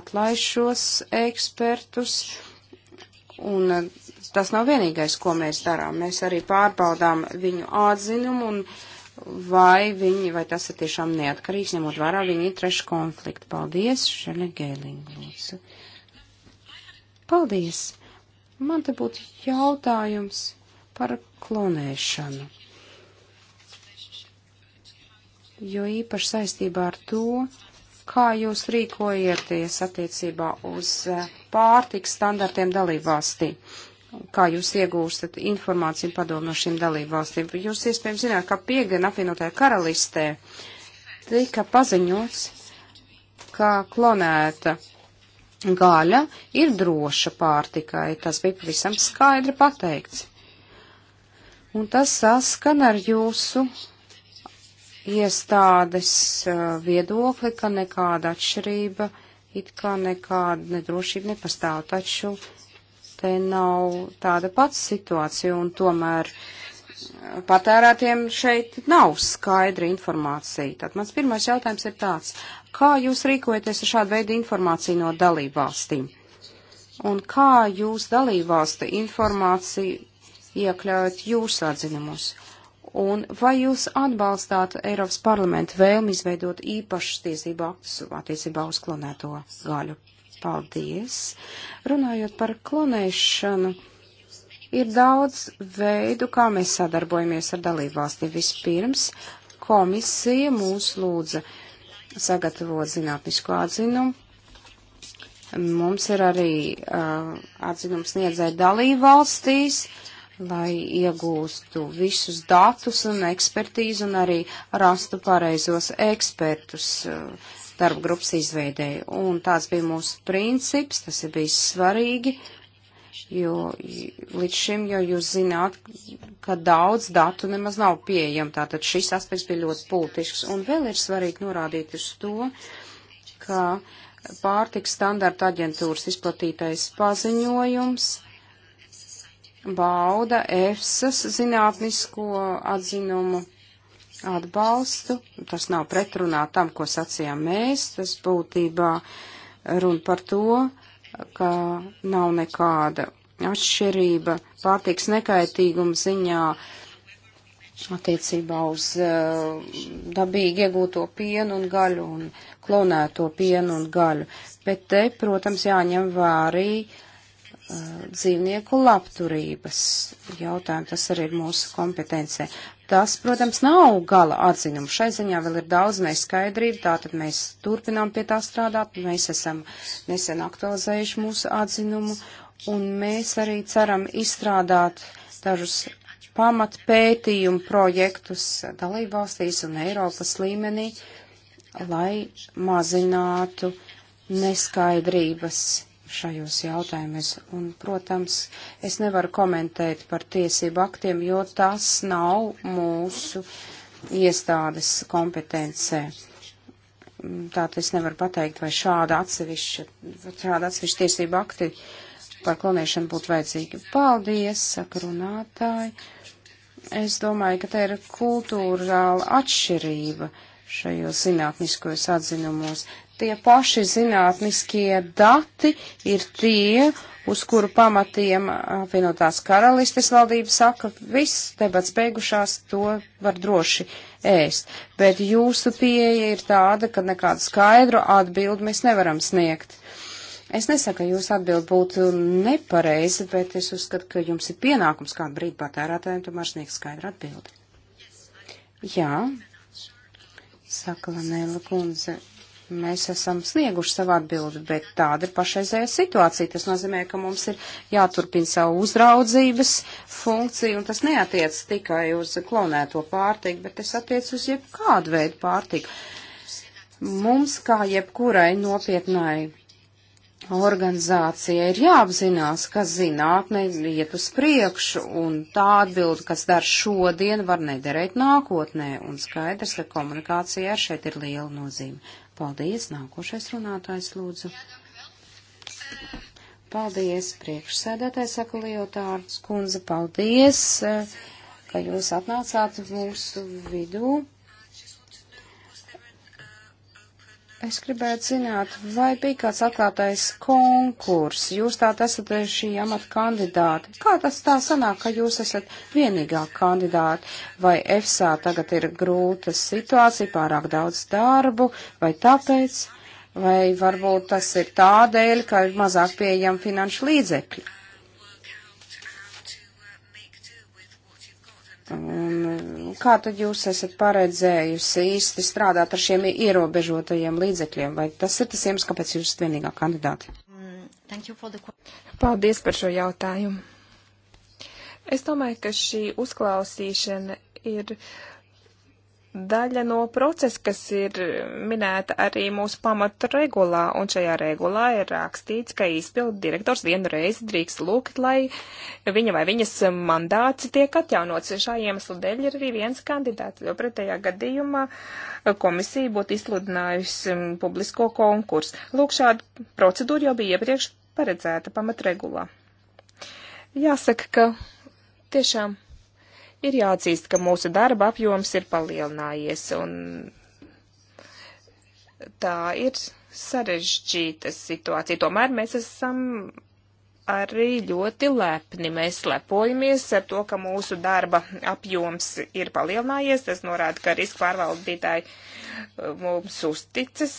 atlaišos ekspertus. Un eh, tas nav vienīgais, ko mēs darām. Mēs arī pārbaudām viņu atzinumu un vai viņi, vai tas ir tiešām neatkarīgs, ņemot vērā viņa interešu konfliktu. Paldies, Šene Gēlinga, lūdzu. Paldies. Man te būtu jautājums par klonēšanu. Jo īpaši saistībā ar to, kā jūs rīkojieties attiecībā uz eh, pārtiks standartiem dalībvalstī. valstī kā jūs iegūstat informāciju padomu no šīm dalību valstīm. Jūs iespējams zināt, ka piegana apvienotajā karalistē tika paziņots, ka klonēta gaļa ir droša pārtikai. Tas bija pavisam skaidri pateikts. Un tas saskan ar jūsu iestādes uh, viedokli, ka nekāda atšķirība, it kā nekāda nedrošība nepastāv. Taču te nav tāda pati situācija, un tomēr patērētiem šeit nav skaidra informācija. Tad mans pirmais jautājums ir tāds, kā jūs rīkojaties ar šādu veidu informāciju no dalībvalstīm? Un kā jūs dalībvalstu informāciju iekļaujat jūsu atzinumus? Un vai jūs atbalstāt Eiropas parlamentu vēlmi izveidot īpašas tiesību aktus attiecībā uz klonēto gaļu? Paldies! Runājot par klonēšanu, ir daudz veidu, kā mēs sadarbojamies ar dalībvalsti. Vispirms komisija mūs lūdza sagatavot zinātnisko atzinumu Mums ir arī uh, atzinums sniedzēja dalībvalstīs, lai iegūstu visus datus un ekspertīzi un arī rastu pareizos ekspertus uh, darba grupas izveidēja. Un tāds bija mūsu princips, tas ir bijis svarīgi, jo līdz šim, jo jūs zināt, ka daudz datu nemaz nav pieejama, tātad šis aspekts bija ļoti politisks. Un vēl ir svarīgi norādīt uz to, ka pārtiks standarta aģentūras izplatītais paziņojums bauda EFSAS zinātnisko atzinumu atbalstu. Tas nav pretrunā tam, ko sacījām mēs. Tas būtībā runa par to, ka nav nekāda atšķirība pārtiks nekaitīguma ziņā attiecībā uz uh, dabīgi iegūto pienu un gaļu un klonēto pienu un gaļu. Bet te, protams, jāņem vērī uh, eh, dzīvnieku labturības jautājumi. Tas arī ir mūsu kompetencē. Tas, protams, nav gala atzinums. Šai ziņā vēl ir daudz neskaidrību, tātad mēs turpinām pie tā strādāt. Mēs esam nesen aktualizējuši mūsu atzinumu, un mēs arī ceram izstrādāt dažus pamatpētījumu projektus dalībvalstīs un Eiropas līmenī, lai mazinātu neskaidrības šajos jautājumos. Un, protams, es nevaru komentēt par tiesību aktiem, jo tas nav mūsu iestādes kompetencē. Tātad es nevaru pateikt, vai šāda atsevišķa, šāda atsevišķa tiesība akti par klonēšanu būtu vajadzīga. Paldies, saka runātāji. Es domāju, ka te ir kultūrāla atšķirība šajos zinātniskos atzinumos tie paši zinātniskie dati ir tie, uz kuru pamatiem apvienotās karalistes valdība saka, viss debats beigušās, to var droši ēst. Bet jūsu pieeja ir tāda, ka nekādu skaidru atbildi mēs nevaram sniegt. Es nesaku, ka jūsu atbildi būtu nepareizi, bet es uzskatu, ka jums ir pienākums kādu brīdi patērētājiem tomēr sniegt skaidru atbildi. Jā, saka Lanēla kundze, mēs esam snieguši savu atbildi, bet tāda ir pašreizējā situācija. Tas nozīmē, ka mums ir jāturpina savu uzraudzības funkciju, un tas neatiec tikai uz klonēto pārtiku, bet tas attiec uz jebkādu veidu pārtiku. Mums, kā jebkurai nopietnai organizācija, ir jāapzinās, ka zinātne iet uz priekšu, un tā atbildi, kas dar šodien, var nederēt nākotnē, un skaidrs, ka komunikācijā šeit ir liela nozīme. Paldies, nākošais runātājs lūdzu. Paldies, priekšsēdētāji, saka Liotārds kundze, paldies, eh, ka jūs atnācāt mūsu vidū. Es gribētu zināt, vai bija kāds atklātais konkurss, jūs tā esat šī amata kandidāti. Kā tas tā sanāk, ka jūs esat vienīgā kandidāti? Vai EFSA tagad ir grūta situācija, pārāk daudz darbu, vai tāpēc, vai varbūt tas ir tādēļ, ka ir mazāk pieejami finanšu līdzekļi? Un um, kā tad jūs esat paredzējusi īsti strādāt ar šiem ierobežotajiem līdzekļiem? Vai tas ir tas iemesls, kāpēc jūs esat vienīgā kandidāte? Paldies par šo jautājumu. Es domāju, ka šī uzklausīšana ir daļa no procesa, kas ir minēta arī mūsu pamatu regulā, un šajā regulā ir rakstīts, ka izpildu direktors vienu reizi drīkst lūgt, lai viņa vai viņas mandāts tiek atjaunots. Šā iemesla dēļ ir arī viens kandidāts, jo pretējā gadījumā komisija būtu izsludinājusi mm, publisko konkursu. Lūk, šāda procedūra jau bija iepriekš paredzēta pamatu regulā. Jāsaka, ka tiešām Ir jāatzīst, ka mūsu darba apjoms ir palielinājies, un tā ir sarežģīta situācija. Tomēr mēs esam arī ļoti lepni. Mēs lepojamies ar to, ka mūsu darba apjoms ir palielinājies. Tas norāda, ka riska pārvaldītāji uh, mums uzticas.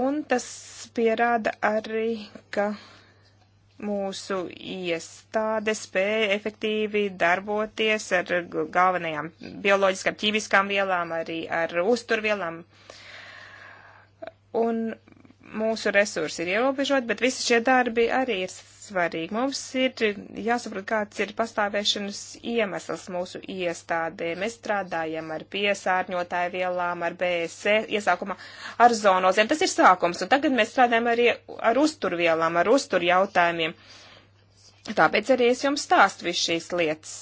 Un tas pierāda arī, ka mūsu iestāde spēja efektīvi darboties ar galvenajām bioloģiskām, ķīmiskām vielām, arī ar uzturvielām. Un mūsu resursi ir ierobežot, bet visi šie darbi arī ir svarīgi. Mums ir jāsaprot, kāds ir pastāvēšanas iemesls mūsu iestādē. Mēs strādājam ar piesārņotāju vielām, ar BSE, iesākumā ar zonozēm. Tas ir sākums, un tagad mēs strādājam arī ar uzturvielām, ar uztur jautājumiem. Tāpēc arī es jums stāstu visu šīs lietas.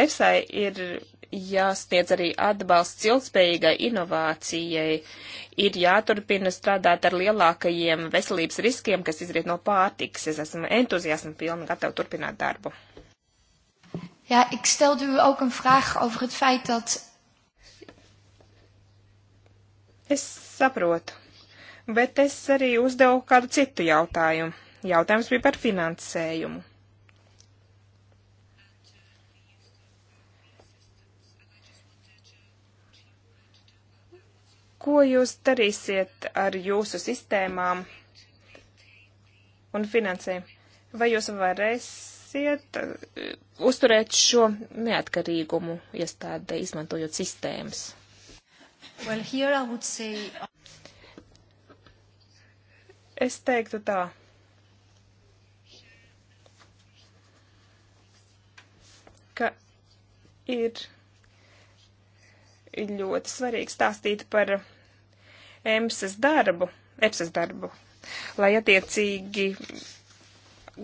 EFSAI ir jāsniedz arī atbalsts ilgspējīgai inovācijai, ir jāturpina strādāt ar lielākajiem veselības riskiem, kas izriet no pārtikas. Es esmu entuziasma pilna, gatava turpināt darbu. Ja, ik stelde u ook een vraag over het feit dat. Es saprotu, bet es arī uzdevu kādu citu jautājumu. Jautājums bija par finansējumu. Ko jūs darīsiet ar jūsu sistēmām un finansējumu? Vai jūs varēsiet uh, uzturēt šo neatkarīgumu iestādē, izmantojot sistēmas? Well, here I would say... Es teiktu tā. ka ir ļoti svarīgi stāstīt par EMSAS darbu, EPSAS darbu, lai attiecīgi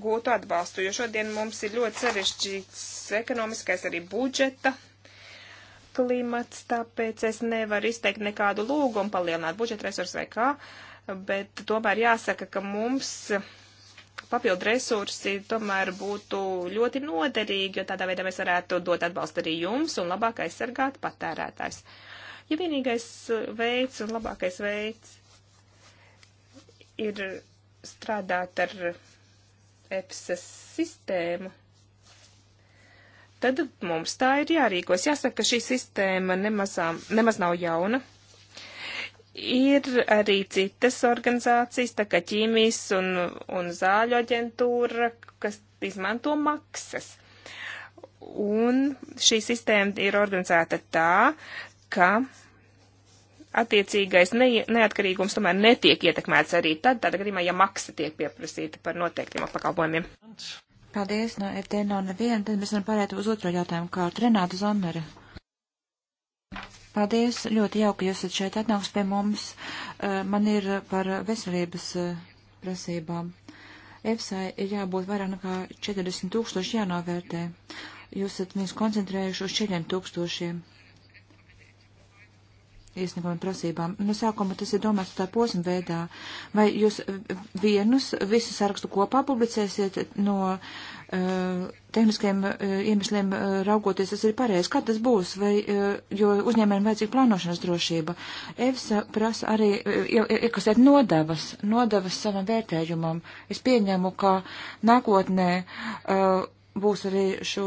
gūtu atbalstu, jo šodien mums ir ļoti sarežģīts ekonomiskais arī budžeta klimats, tāpēc es nevaru izteikt nekādu lūgumu palielināt budžeta resursu vai kā, bet tomēr jāsaka, ka mums papildu resursi tomēr būtu ļoti noderīgi, jo tādā veidā mēs varētu dot atbalstu arī jums un labāk aizsargāt patērētājs. Uh, Ja vienīgais eh, veids un labākais veids ir strādāt ar EPSA sistēmu, tad mums tā ir jārīkos. Jāsaka, ka šī sistēma nemazā, nemaz nav jauna. Ir arī citas organizācijas, tā kā ķīmijas un, un zāļu aģentūra, kas izmanto maksas. Un šī sistēma ir organizēta tā, ka attiecīgais ne, neatkarīgums tomēr netiek ietekmēts arī tad, tādā gadījumā, ja maksa tiek pieprasīta par noteiktiem pakalpojumiem. Paldies, no FD nav no neviena, tad mēs varam pārēt uz otro jautājumu kārtu. Renāta Zomere. Paldies, ļoti jauki jūs esat šeit atnāks pie mums. Eh, man ir par veselības eh, prasībām. EFSA ir jābūt vairāk nekā 40 tūkstoši jānovērtē. Jūs esat viņus koncentrējuši uz 4 tūkstošiem iesniegumiem prasībām. No nu, sākuma tas ir domāts tā posma veidā. Vai jūs vienus, visu sarakstu kopā publicēsiet no uh, eh, tehniskiem uh, eh, iemesliem uh, raugoties, tas ir pareizi. Kā tas būs? Vai, uh, jo uzņēmējiem vajadzīga plānošanas drošība. EFSA prasa arī uh, iekasēt nodavas, nodavas savam vērtējumam. Es pieņemu, ka nākotnē. Uh, būs arī šo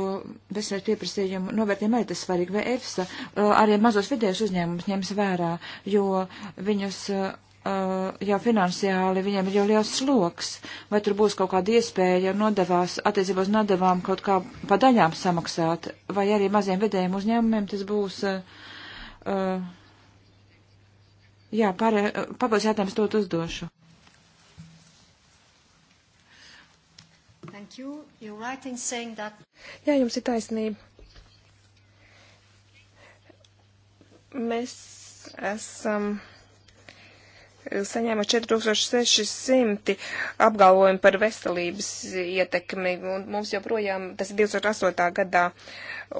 veselības pieprasījumu novērtējumu arī tas svarīgi, vai EFSA uh, arī mazos vidējos uzņēmumus ņems vērā, jo viņus uh, uh, jau finansiāli viņiem ir jau liels sloks, vai tur būs kaut kāda iespēja nodevās, attiecībā uz nodevām kaut kā pa daļām samaksāt, vai arī maziem vidējiem uzņēmumiem tas būs. Uh, jā, pārē, papildus jautājums to uzdošu. you. You're right in saying that. Jā, jums ir taisnība. Mēs esam. Um, saņēma 4600 apgalvojumu par veselības ietekmi, un mums joprojām, tas ir 2008. gadā,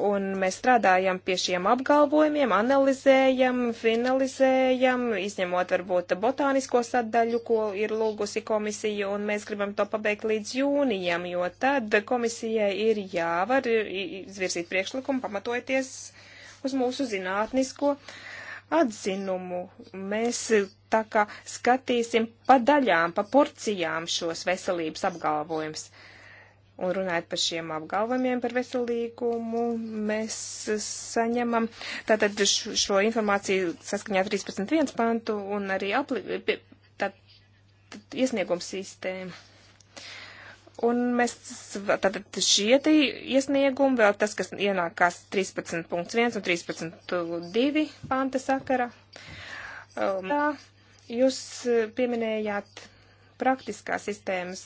un mēs strādājam pie šiem apgalvojumiem, analizējam, finalizējam, izņemot varbūt botānisko sadaļu, ko ir lūgusi komisija, un mēs gribam to pabeigt līdz jūnijam, jo tad komisijai ir jāvar izvirsīt priekšlikumu pamatojoties uz mūsu zinātnisko atzinumu. Mēs tā kā skatīsim pa daļām, pa porcijām šos veselības apgalvojumus. Un runājot par šiem apgalvojumiem par veselīgumu, mēs saņemam tātad šo informāciju saskaņā 13.1 pantu un arī apli, tā, tā iesnieguma sistēma. Un mēs, tātad šie te iesniegumi, vēl tas, kas ienākās 13.1 un 13.2 panta sakara. Um, tā, Jūs eh, pieminējāt praktiskā sistēmas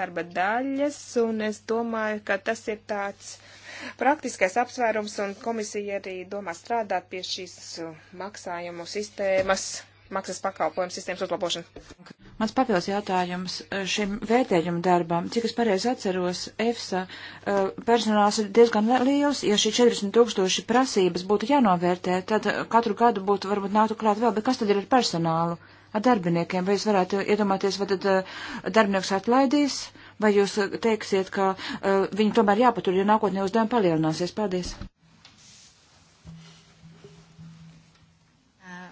darba daļas, un es domāju, ka tas ir tāds praktiskais apsvērums, un komisija arī domā strādāt pie šīs eh, maksājumu sistēmas, maksas pakalpojumu sistēmas uzlabošanas. Mans papildus jautājums eh, šim vērtējumu darbam. Cik es pareizi atceros, EFSA eh, personāls ir diezgan liels. Ja šī 40 tūkstoši prasības būtu jānovērtē, tad eh, katru gadu būtu varbūt nāktu klāt vēl, bet kas tad ir ar personālu, ar darbiniekiem? Vai jūs varētu iedomāties, vai tad darbinieks atlaidīs, vai jūs teiksiet, ka viņi tomēr jāpatur, jo nākotnē uzdevumi palielināsies? Paldies! Uh,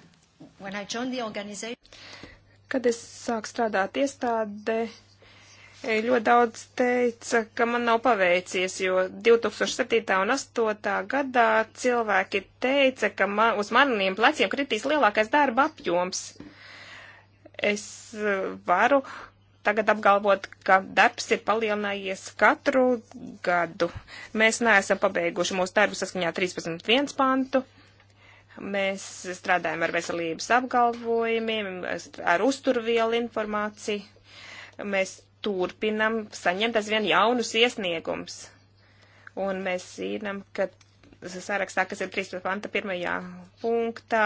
Kad es sāku strādāt iestādē, eh, ļoti daudz teica, ka man nav paveicies, jo 2007. un 2008. gadā cilvēki teica, ka man, uz maniem pleciem kritīs lielākais darba apjoms. Es eh, varu tagad apgalvot, ka darbs ir palielinājies katru gadu. Mēs neesam pabeiguši mūsu darbu saskaņā 13.1 pantu. Mēs strādājam ar veselības apgalvojumiem, ar uzturvielu informāciju. Mēs turpinam saņemt aizvien jaunus iesniegums. Un mēs zinām, ka sarakstā, kas ir 13. panta pirmajā punktā,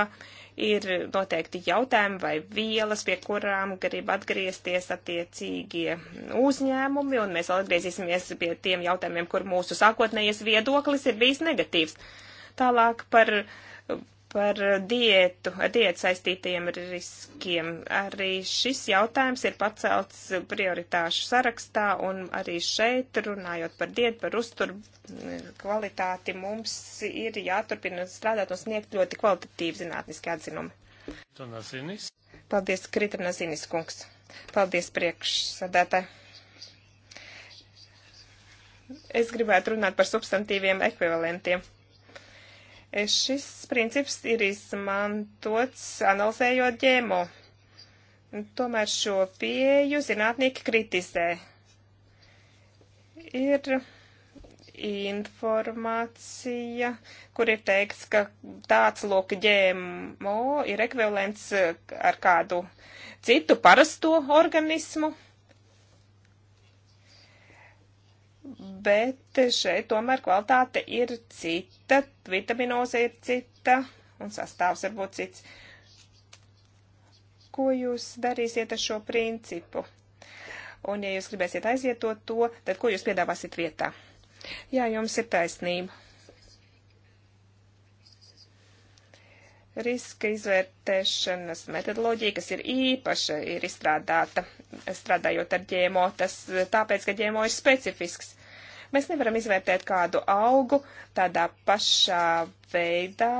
ir noteikti jautājumi vai vielas, pie kurām grib atgriezties attiecīgie uzņēmumi, un mēs vēl atgriezīsimies pie tiem jautājumiem, kur mūsu sākotnējais viedoklis ir bijis negatīvs. Tālāk par par eh, diētu, ar diētu saistītajiem riskiem. Arī šis jautājums ir pacelts prioritāšu sarakstā, un arī šeit, runājot par diētu, par uzturu eh, kvalitāti, mums ir jāturpina strādāt un sniegt ļoti kvalitatīvi zinātniski atzinumi. Tonasinis. Paldies, Kritrina Zinis kungs. Paldies, priekšsadētāji. Es gribētu runāt par substantīviem ekvivalentiem. Šis princips ir izmantots analizējot ģēmo. Tomēr šo pieju zinātnieki kritizē. Ir informācija, kur ir teikts, ka tāds lūk ģēmo ir ekvivalents ar kādu citu parasto organismu. bet šeit tomēr kvalitāte ir cita, vitaminoze ir cita un sastāvs varbūt cits. Ko jūs darīsiet ar šo principu? Un ja jūs gribēsiet aizvietot to, tad ko jūs piedāvāsiet vietā? Jā, jums ir taisnība. Riska izvērtēšanas metodoloģija, kas ir īpaša, ir izstrādāta strādājot ar ģēmo, tas tāpēc, ka ģēmo ir specifisks. Mēs nevaram izvērtēt kādu augu tādā pašā veidā,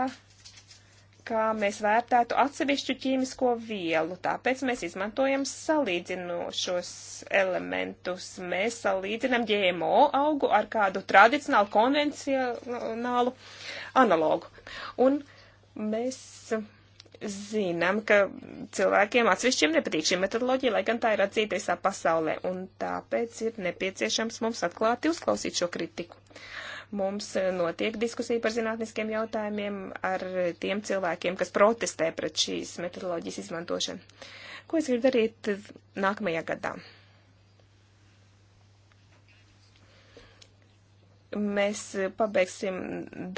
kā mēs vērtētu atsevišķu ķīmisko vielu, tāpēc mēs izmantojam salīdzinošos elementus. Mēs salīdzinām ģēmo augu ar kādu tradicionālu, konvencionālu analogu. Un uh, Mēs zinām, ka cilvēkiem atsevišķiem nepatīk šī metodoloģija, lai gan tā ir atzīta visā pasaulē, un tāpēc ir nepieciešams mums atklāti uzklausīt šo kritiku. Mums eh, notiek diskusija par zinātniskiem jautājumiem ar tiem cilvēkiem, kas protestē pret šīs metodoloģijas izmantošanu. Ko es gribu darīt nākamajā gadā? mēs pabeigsim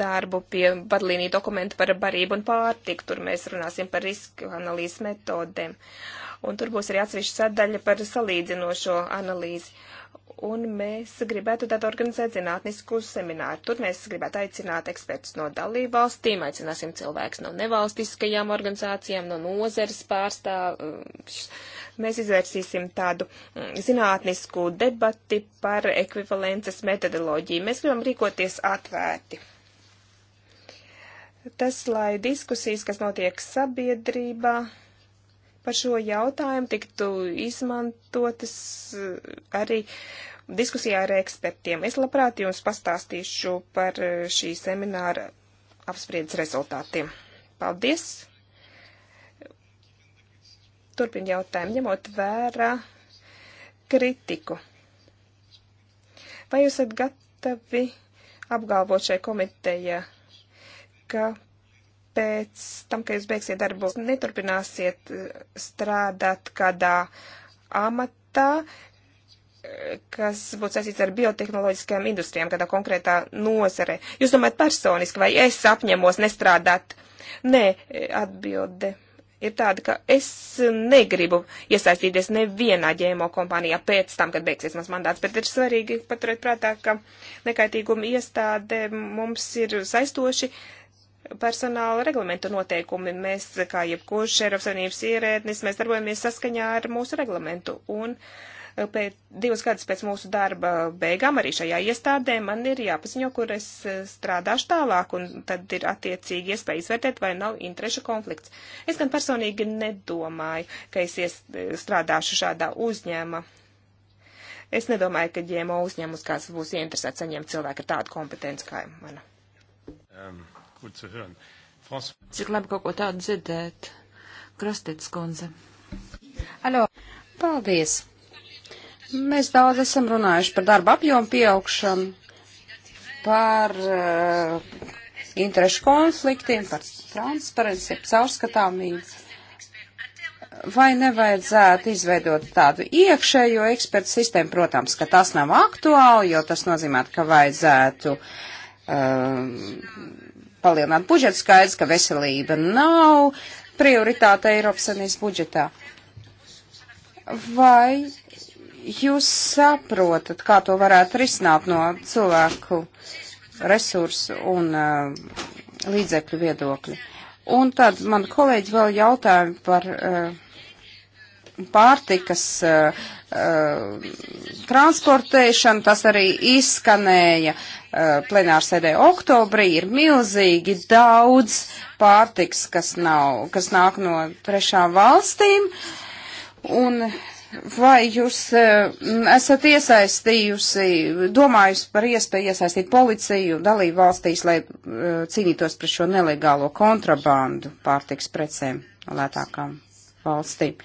darbu pie vadlīniju dokumentu par barību un pārtiku. Tur mēs runāsim par risku analīzes metodēm. Un tur būs arī atsevišķa sadaļa par salīdzinošo analīzi un mēs gribētu tad organizēt zinātnisku semināru. Tur mēs gribētu aicināt ekspertus no dalību valstīm, aicināsim cilvēkus no nevalstiskajām organizācijām, no nozeres pārstāvjus. Mēs izvērsīsim tādu mm, zinātnisku debati par ekvivalences metodoloģiju. Mēs gribam rīkoties atvērti. Tas, lai diskusijas, kas notiek sabiedrībā, par šo jautājumu tiktu izmantotas eh, arī diskusijā ar ekspertiem. Es labprāt jums pastāstīšu par eh, šī semināra apspriedas rezultātiem. Paldies! Turpin jautājumu, ņemot vērā kritiku. Vai jūs esat gatavi apgalvot šai komiteja, ka pēc tam, ka jūs beigsiet darbu, neturpināsiet eh, strādāt kādā amatā, eh, kas būtu saistīts ar biotehnoloģiskajām industrijām, kādā konkrētā nozare. Jūs domājat personiski, vai es apņemos nestrādāt? Nē, eh, atbilde ir tāda, ka es negribu iesaistīties nevienā ģēmo kompānijā pēc tam, kad beigsies mans mandāts, bet ir svarīgi paturēt prātā, ka nekaitīguma iestāde mums ir saistoši personāla reglamentu noteikumi. Mēs, kā jebkurš Eiropas Savienības ierēdnis, mēs darbojamies saskaņā ar mūsu reglamentu. Un eh, pēc, divus gadus pēc mūsu darba beigām arī šajā iestādē man ir jāpaziņo, kur es eh, strādāšu tālāk, un tad ir attiecīgi iespēja izvērtēt, vai nav interešu konflikts. Es gan personīgi nedomāju, ka es eh, strādāšu šādā uzņēmuma Es nedomāju, ka ģēmo uzņēmums kāds būs ieinteresēts saņemt cilvēku ar tādu kompetenci kā mana. Um gut zu hören. Frans... Cik labi kaut ko tādu dzirdēt. Krastits kundze. Alo, paldies. Mēs daudz esam runājuši par darba apjomu pieaugšanu, par uh, interešu konfliktiem, par transparenci, caurskatāmību vai nevajadzētu izveidot tādu iekšējo ekspertu sistēmu? Protams, ka tas nav aktuāli, jo tas nozīmē, ka vajadzētu um, palielināt budžetu, skaidrs, ka veselība nav prioritāte Eiropas Savienības budžetā. Vai jūs saprotat, kā to varētu risināt no cilvēku resursu un uh, līdzekļu viedokļa? Un tad man kolēģi vēl jautāja par uh, pārtikas uh, eh, uh, eh, transportēšanu, tas arī izskanēja uh, eh, plenārsēdē oktobrī, ir milzīgi daudz pārtiks, kas, nav, kas nāk no trešām valstīm. Un vai jūs esat iesaistījusi, domājusi par iespēju iesaistīt policiju dalību valstīs, lai cīnītos par šo nelegālo kontrabandu pārtiks precēm lētākām valstīm?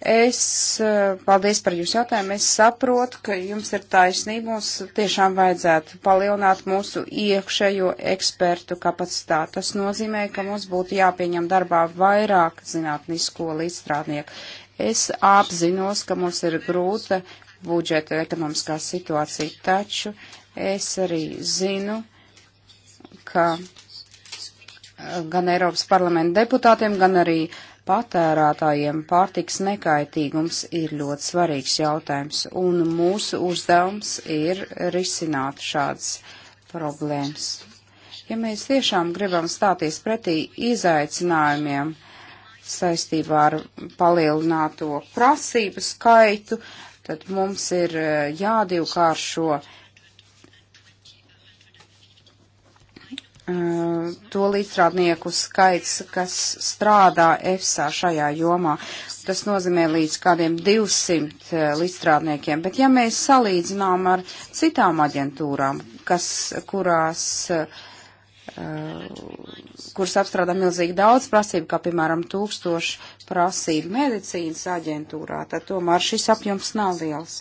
Es eh, paldies par jūsu jautājumu. Es saprotu, ka jums ir taisnība. Mums tiešām vajadzētu palielināt mūsu iekšējo ekspertu kapacitāti. Tas nozīmē, ka mums būtu jāpieņem darbā vairāk zinātnisko līdzstrādnieku. Es apzinos, ka mums ir grūta budžeta ekonomiskā situācija, taču es arī zinu, ka eh, gan Eiropas parlamenta deputātiem, gan arī uh, patērētājiem pārtiks nekaitīgums ir ļoti svarīgs jautājums, un mūsu uzdevums ir risināt šādas problēmas. Ja mēs tiešām gribam stāties pretī izaicinājumiem saistībā ar palielināto prasību skaitu, tad mums ir eh, jādivkāršo šo Eh, to līdzstrādnieku skaits, kas strādā EFSA šajā jomā. Tas nozīmē līdz kādiem 200 eh, līdzstrādniekiem. Bet ja mēs salīdzinām ar citām aģentūrām, kas, kurās, eh, kuras apstrādā milzīgi daudz prasību, kā piemēram tūkstoši prasību medicīnas aģentūrā, tad tomēr šis apjoms nav liels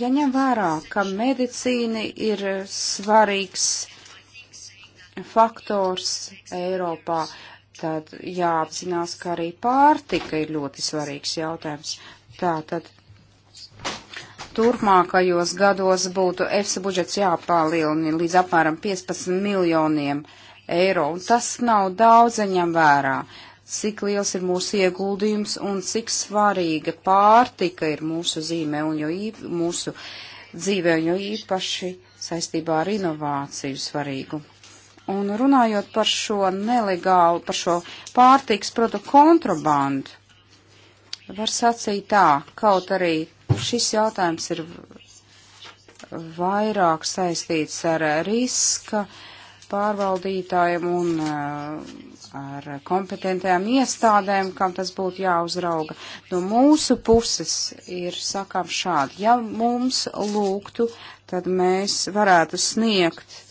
ja ņem vērā, ka medicīna ir svarīgs faktors Eiropā. Tad jāapzinās, ka arī pārtika ir ļoti svarīgs jautājums. Tātad turpmākajos gados būtu EFSA budžets jāpalielina līdz apmēram 15 miljoniem eiro, un tas nav daudzeņam vērā, cik liels ir mūsu ieguldījums un cik svarīga pārtika ir mūsu zīmē un jo īp, mūsu dzīvē, un jo īpaši saistībā ar inovāciju svarīgumu. Un runājot par šo nelegālu, par šo pārtiks produktu kontrabandu, var sacīt tā, kaut arī šis jautājums ir vairāk saistīts ar riska pārvaldītājiem un uh, ar kompetentajām iestādēm, kam tas būtu jāuzrauga. No mūsu puses ir sakām šādi, ja mums lūgtu, tad mēs varētu sniegt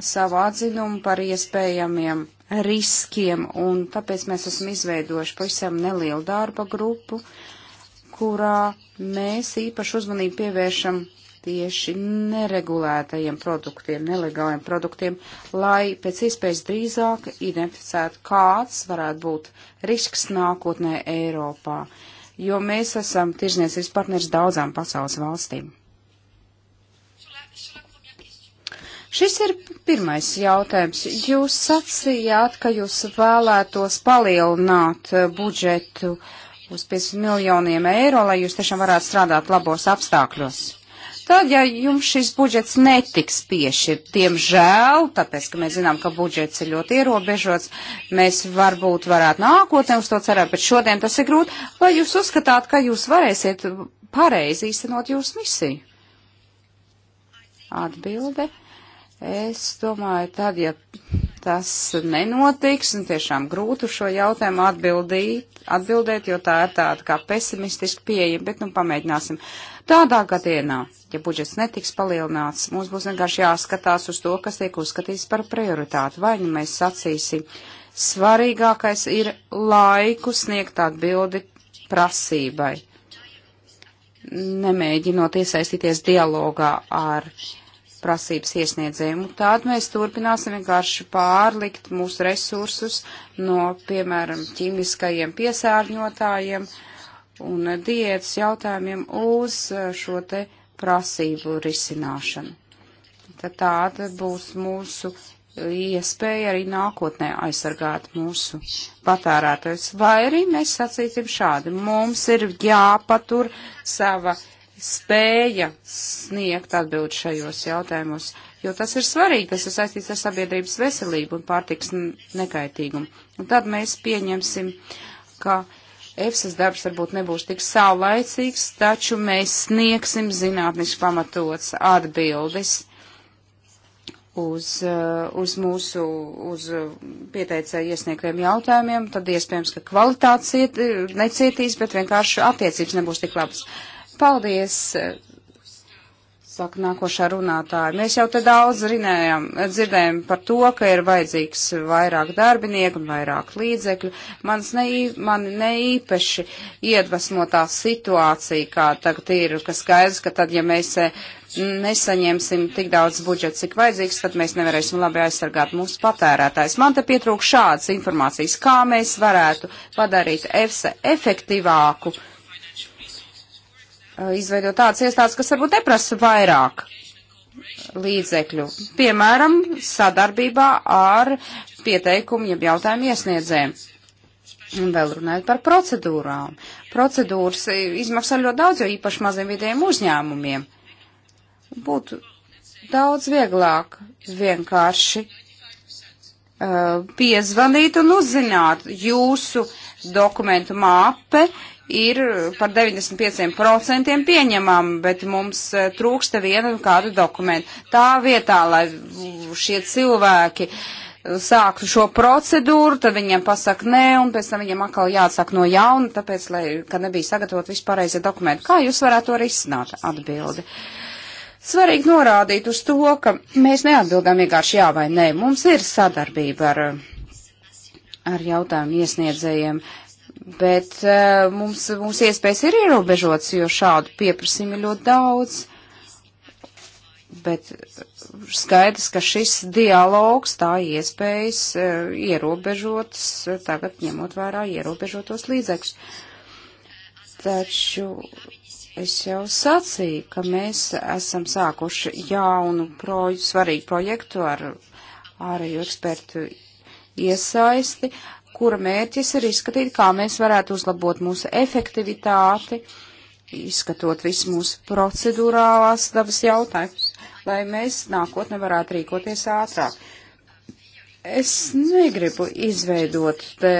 savu atzinumu par iespējamiem riskiem, un tāpēc mēs esam izveidojuši pavisam nelielu darba grupu, kurā mēs īpaši uzmanību pievēršam tieši neregulētajiem produktiem, nelegāliem produktiem, lai pēc iespējas drīzāk identificētu, kāds varētu būt risks nākotnē Eiropā, jo mēs esam tirzniecības partners daudzām pasaules valstīm. Šis ir pirmais jautājums. Jūs sacījāt, ka jūs vēlētos palielināt eh, budžetu uz 5 miljoniem eiro, lai jūs tiešām varētu strādāt labos apstākļos. Tad, ja jums šis budžets netiks piešķirt, diemžēl, tāpēc, ka mēs zinām, ka budžets ir ļoti ierobežots, mēs varbūt varētu nākotnē uz to cerēt, bet šodien tas ir grūti, vai jūs uzskatāt, ka jūs varēsiet pareizi īstenot jūsu misiju? Atbilde. Es domāju, tad, ja tas nenotiks, un tiešām grūtu šo jautājumu atbildīt, atbildēt, jo tā ir tāda kā pesimistiska pieeja, bet nu pamēģināsim. Tādā gadienā, ja budžets netiks palielināts, mums būs vienkārši jāskatās uz to, kas tiek uzskatīts par prioritāti. Vai nu mēs sacīsim, svarīgākais ir laiku sniegt atbildi prasībai, nemēģinot iesaistīties dialogā ar prasības iesniedzējumu. Tātad mēs turpināsim vienkārši pārlikt mūsu resursus no, piemēram, ķimiskajiem piesārņotājiem un diētas jautājumiem uz eh, šo te prasību risināšanu. Tad tāda būs mūsu iespēja arī nākotnē aizsargāt mūsu patērētājus. Vai arī mēs sacīsim šādi. Mums ir jāpatur sava spēja sniegt atbildi šajos jautājumos, jo tas ir svarīgi, tas ir saistīts ar sabiedrības veselību un pārtiks nekaitīgumu. Un tad mēs pieņemsim, ka EFSAS darbs varbūt nebūs tik saulaicīgs, taču mēs sniegsim zinātniski pamatots atbildes uz, uh, uz mūsu uz uh, pieteicēju iesniegtiem jautājumiem, tad iespējams, ka kvalitātes necietīs, bet vienkārši attiecības nebūs tik labas. Uh, Paldies! Saka nākošā runātāja. Mēs jau te daudz rinējam, dzirdējam par to, ka ir vajadzīgs vairāk darbinieku un vairāk līdzekļu. Mans ne, man neīpaši iedvesmotā situācija, kā tagad ir, ka skaidrs, ka tad, ja mēs eh, nesaņemsim tik daudz budžeta, cik vajadzīgs, tad mēs nevarēsim labi aizsargāt mūsu patērētājs. Man te pietrūk šādas informācijas, kā mēs varētu padarīt EFSA efektīvāku Uh, izveidot tādas iestādes, kas varbūt neprasa vairāk līdzekļu. Piemēram, sadarbībā ar pieteikumu, ja jautājumu iesniedzējiem. Un vēl runājot par procedūrām. Procedūras eh, izmaksā ļoti daudz, jo īpaši maziem vidējiem uzņēmumiem. Būtu daudz vieglāk vienkārši uh, piezvanīt un uzzināt jūsu dokumentu māpe, uh, ir par 95% pieņemama, bet mums e, trūksta viena kāda dokumenta. Tā vietā, lai šie cilvēki sāktu šo procedūru, tad viņiem pasaka nē, un pēc tam viņiem atkal jāatsāk no jauna, tāpēc, lai, ka nebija sagatavot vispārējie dokumenti. Kā jūs varētu to risināt? Atbildi. Svarīgi norādīt uz to, ka mēs neatbildām vienkārši jā vai nē. Mums ir sadarbība ar, ar jautājumu iesniedzējiem. Uh, Bet uh, mums, mums iespējas ir ierobežotas, jo šādu pieprasījumu ir ļoti daudz. Bet skaidrs, ka šis dialogs tā iespējas uh, ierobežotas, tagad ņemot vērā ierobežotos līdzekļus. Taču es jau sacīju, ka mēs esam sākuši jaunu proju, svarīgu projektu ar ārēju ekspertu iesaisti, kura mērķis ir izskatīt, kā mēs varētu uzlabot mūsu efektivitāti, izskatot visus mūsu procedurālās dabas jautājumus, lai mēs nākotnē varētu rīkoties ātrāk. Es negribu izveidot te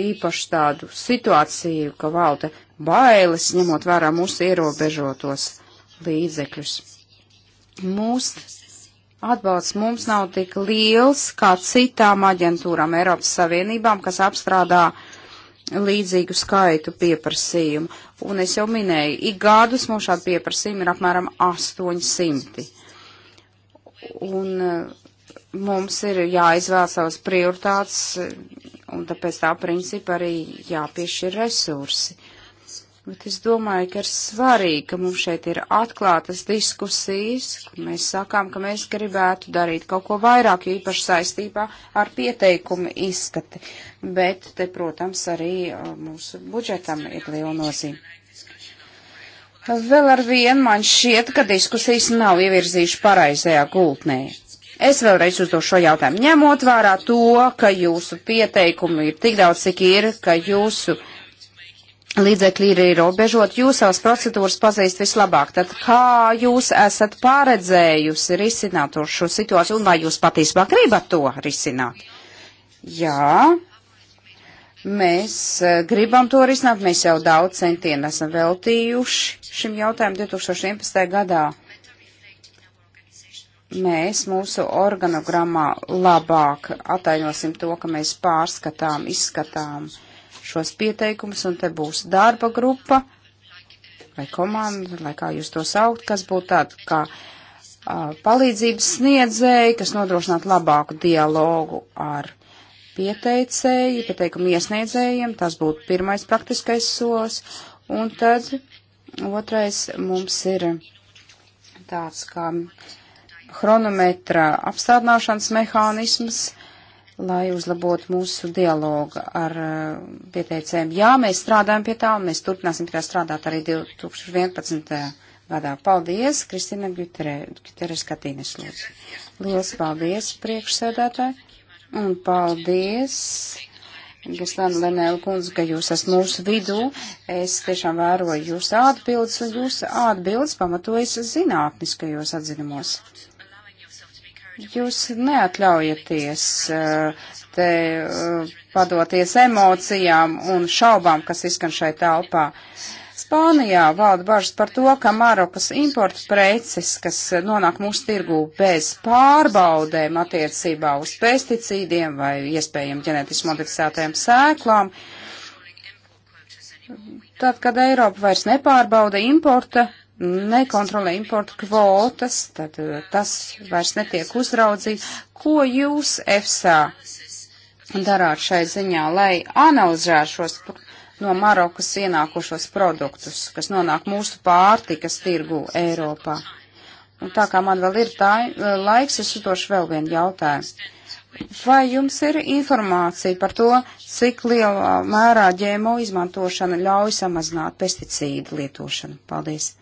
īpaši tādu situāciju, ka valda bailes, ņemot vērā mūsu ierobežotos līdzekļus. Mūs atbalsts mums nav tik liels kā citām aģentūrām Eiropas Savienībām, kas apstrādā līdzīgu skaitu pieprasījumu. Un es jau minēju, ik gadus mums šādi pieprasījumi ir apmēram 800. Un eh, mums ir jāizvēl savas prioritātes, eh, un tāpēc tā principa arī jāpiešķir resursi. Bet es domāju, ka ir svarīgi, ka mums šeit ir atklātas diskusijas, kur mēs sakām, ka mēs gribētu darīt kaut ko vairāk, jo īpaši saistībā ar pieteikumu izskati. Bet te, protams, arī uh, mūsu budžetam ir liela nozīme. Vēl ar vienu man šķiet, ka diskusijas nav ievirzījuši pareizajā gultnē. Es vēlreiz uzdošu šo jautājumu. Ņemot vērā to, ka jūsu pieteikumu ir tik daudz, cik ir, ka jūsu uh, līdzekļi ir ierobežot, jūs savas procedūras pazīst vislabāk. Tad kā jūs esat pāredzējusi risināt šo situāciju un vai jūs patiesībā gribat to risināt? Jā, mēs eh, gribam to risināt, mēs jau daudz centienu esam veltījuši šim jautājumam 2011. gadā. Mēs mūsu organogramā labāk atainosim to, ka mēs pārskatām, izskatām uh, šos pieteikumus, un te būs darba grupa vai komanda, vai kā jūs to saukt, kas būtu tāda kā uh, palīdzības sniedzēji, kas nodrošinātu labāku dialogu ar pieteicēju, pieteikumu iesniedzējiem, tas būtu pirmais praktiskais solis, un tad otrais mums ir tāds kā chronometra apstādināšanas mehānisms, lai uzlabotu mūsu dialogu ar uh, pieteicējiem. Jā, mēs strādājam pie tā, un mēs turpināsim pie tā strādāt arī 2011. gadā. Paldies, Kristina Guteres Katīnes lūdzu. Lielas paldies, priekšsēdētāji, un paldies, Gislēna Lenēla kundze, ka jūs esat mūsu vidū. Es tiešām vēroju jūsu atbildes, un jūsu atbildes pamatojas zinātniskajos atzinumos. Jūs neatļaujaties eh, te eh, padoties emocijām un šaubām, kas izskan šai telpā. Spānijā valda bažas par to, ka Marokas importu preces, kas nonāk mūsu tirgū bez pārbaudēm attiecībā uz pesticīdiem vai iespējami ģenetiski modificētajām sēklām, tad, kad Eiropa vairs nepārbauda importa nekontrolē importu kvotas, tad uh, tas vairs netiek uzraudzīts. Ko jūs EFSA darāt šai ziņā, lai analizētu šos no Marokas ienākošos produktus, kas nonāk mūsu pārtikas tirgu Eiropā? Un tā kā man vēl ir tā, uh, laiks, es uzdošu vēl vienu jautājumu. Vai jums ir informācija par to, cik lielā mērā ģēmo izmantošana ļauj samazināt pesticīdu lietošanu? Paldies!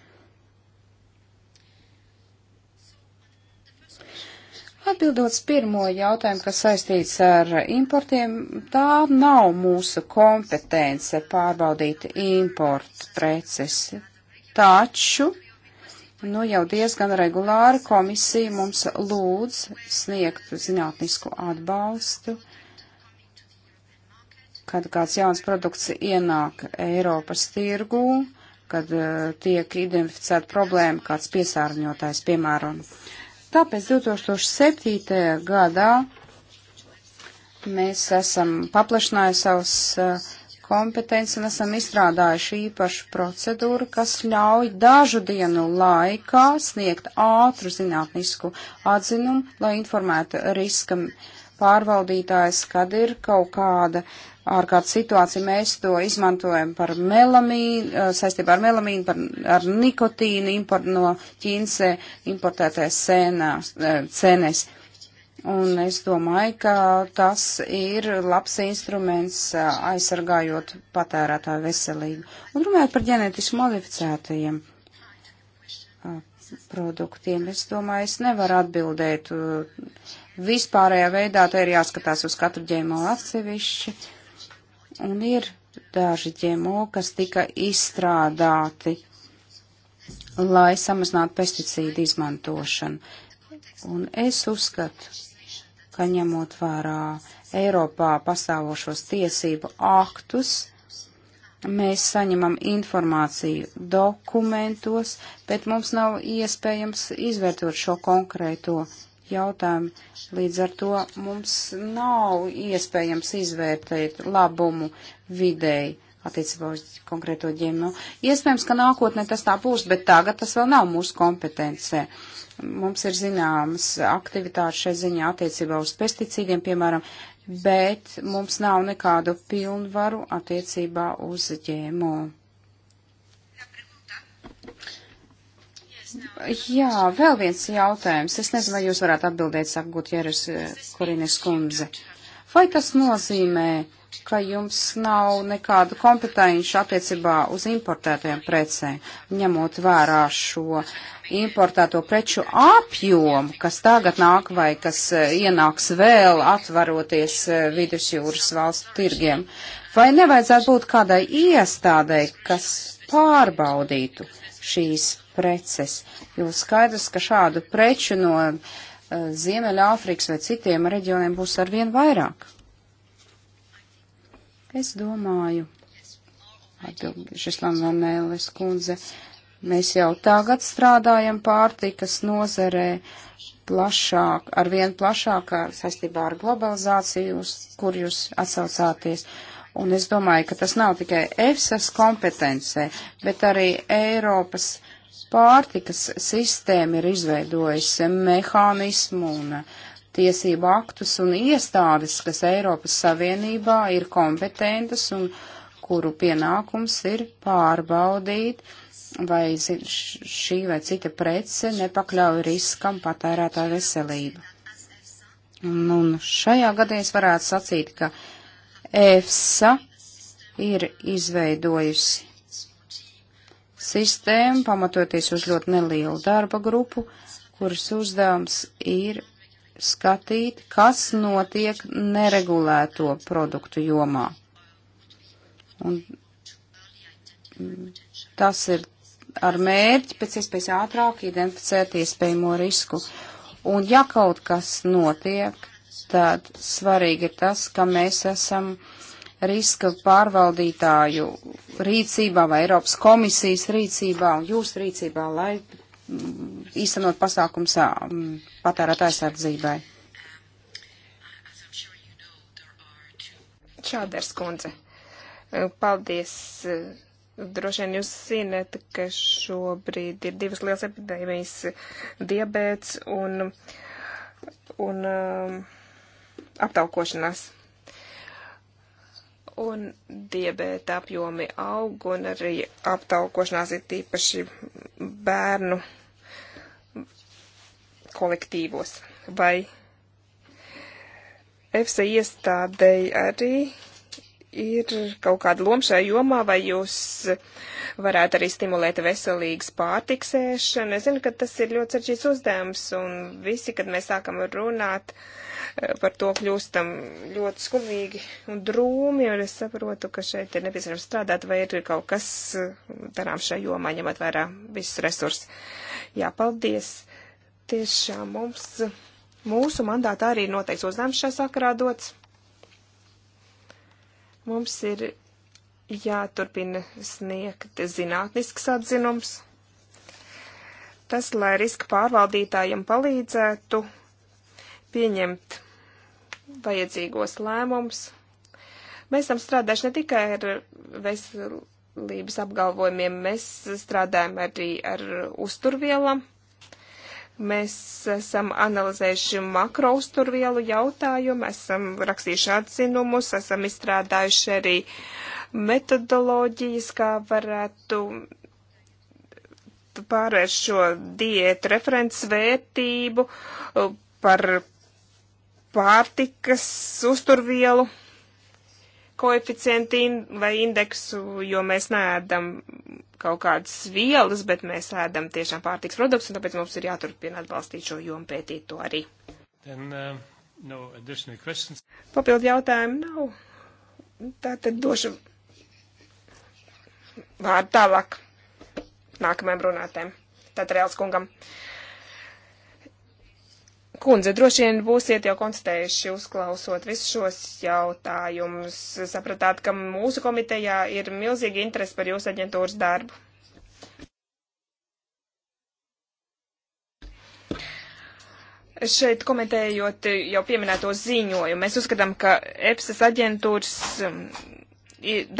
Atbildot pirmo jautājumu, kas saistīts ar importiem, tā nav mūsu kompetence pārbaudīt importu preces. Taču, nu jau diezgan regulāri komisija mums lūdz sniegt zinātnisku atbalstu, kad kāds jauns produkts ienāk Eiropas tirgū, kad uh, tiek identificēta problēma, kāds piesārņotājs, piemēram, Tāpēc 2007. gadā mēs esam paplašinājuši savus eh, kompetenci un esam izstrādājuši īpašu procedūru, kas ļauj dažu dienu laikā sniegt ātru zinātnisku atzinumu, lai informētu riskam pārvaldītājs, kad ir kaut kāda ārkārtas situāciju. Mēs to izmantojam par melamīnu, eh, saistībā ar melamīnu, par, ar nikotīnu import, no Ķīnas importētais eh, cenes. Un es domāju, ka tas ir labs instruments eh, aizsargājot patērētāju veselību. Un runājot par ģenetiski modificētajiem produktiem, es domāju, es nevaru atbildēt vispārējā veidā, te ir jāskatās uz katru ģēmo atsevišķi. Uh, Un ir daži ģemo, kas tika izstrādāti, lai samazinātu pesticīdu izmantošanu. Un es uzskatu, ka ņemot vērā Eiropā pastāvošos tiesību aktus, mēs saņemam informāciju dokumentos, bet mums nav iespējams izvērtot šo konkrēto jautājumi. Līdz ar to mums nav iespējams izvērtēt labumu vidēji attiecībā uz konkrēto ģimenu. Iespējams, ka nākotnē tas tā būs, bet tagad tas vēl nav mūsu kompetencē. Mums ir zināmas aktivitātes šai ziņā attiecībā uz pesticīdiem, piemēram, bet mums nav nekādu pilnvaru attiecībā uz ģēmo. Jā, vēl viens jautājums. Es nezinu, vai jūs varētu atbildēt, saka Gutjeres eh, Korines kundze. Vai tas nozīmē, ka jums nav nekādu kompetenci attiecībā uz importētajām precēm, ņemot vērā šo importēto preču apjomu, kas tagad nāk vai kas eh, ienāks vēl atvaroties eh, vidusjūras valstu tirgiem? Vai nevajadzētu būt kādai iestādei, kas pārbaudītu? šīs preces, jo skaidrs, ka šādu preču no uh, Ziemeļāfrikas vai citiem reģioniem būs arvien vairāk. Es domāju, atbildīšas Lamanēlis kundze, mēs jau tagad strādājam pārtikas nozerē plašāk, arvien plašāk saistībā ar globalizāciju, uz kur jūs atsaucāties. Uh, Un es domāju, ka tas nav tikai EFSAS kompetencē, bet arī Eiropas pārtikas sistēma ir izveidojusi mehānismu un uh, tiesību aktus un iestādes, kas Eiropas Savienībā ir kompetentas un kuru pienākums ir pārbaudīt, vai šī vai cita prece nepakļauj riskam patērētā veselību. Un, un šajā gadījumā varētu sacīt, ka EFSA ir izveidojusi sistēmu, pamatoties uz ļoti nelielu darba grupu, kuras uzdevums ir skatīt, kas notiek neregulēto produktu jomā. Un tas ir ar mērķi pēc iespējas ātrāk identificēt iespējamo risku. Un ja kaut kas notiek, tad svarīgi ir tas, ka mēs esam riska pārvaldītāju rīcībā vai Eiropas komisijas rīcībā un jūsu rīcībā, lai mm, īstenot pasākums mm, patērēt aizsardzībai. Čāders kundze, paldies. Droši vien jūs zināt, ka šobrīd ir divas lielas epidēmijas - diabēts un, un um, aptaukošanās. Un diabēta apjomi aug, un arī aptaukošanās ir tīpaši bērnu kolektīvos. Vai EFSA iestādei arī ir kaut kāda loma šajā jomā, vai jūs varētu arī stimulēt veselīgas pārtiksēšanu? Es zinu, ka tas ir ļoti saržģīts uzdevums, un visi, kad mēs sākam runāt eh, par to, kļūstam ļoti skumīgi un drūmi, un es saprotu, ka šeit ir nepieciešams strādāt, vai ir kaut kas eh, darām šajā jomā, ņemot vērā visus resursus. Jā, paldies! Tiešām mums, mūsu mandātā arī noteikts uzdevums šajā sakarā dots Mums ir jāturpina sniegt zinātnisks atzinums. Tas, lai riska pārvaldītājiem palīdzētu pieņemt vajadzīgos lēmumus. Mēs esam strādājuši ne tikai ar veselības apgalvojumiem, mēs strādājam arī ar uzturvielām. Mēs esam analizējuši makrousturvielu jautājumu, esam rakstījuši atzinumus, esam izstrādājuši arī metodoloģijas, kā varētu pārvērst šo diētu referents vērtību par pārtikas uzturvielu koeficientu in vai indeksu, jo mēs neēdam kaut kādas vielas, bet mēs ēdam tiešām pārtiks produktus, un tāpēc mums ir jāturpina atbalstīt šo jomu pētīt to arī. Then, uh, no Papildu jautājumu nav. Tā tad došu vārdu tālāk nākamajam runātēm. Tātad Rēls kungam. Uh, Kundze, droši vien būsiet jau konstatējuši, uzklausot visus šos jautājumus, sapratāt, ka mūsu komitejā ir milzīgi interesi par jūsu aģentūras darbu. Šeit komentējot jau pieminēto ziņojumu, mēs uzskatām, ka EPSAS aģentūras um,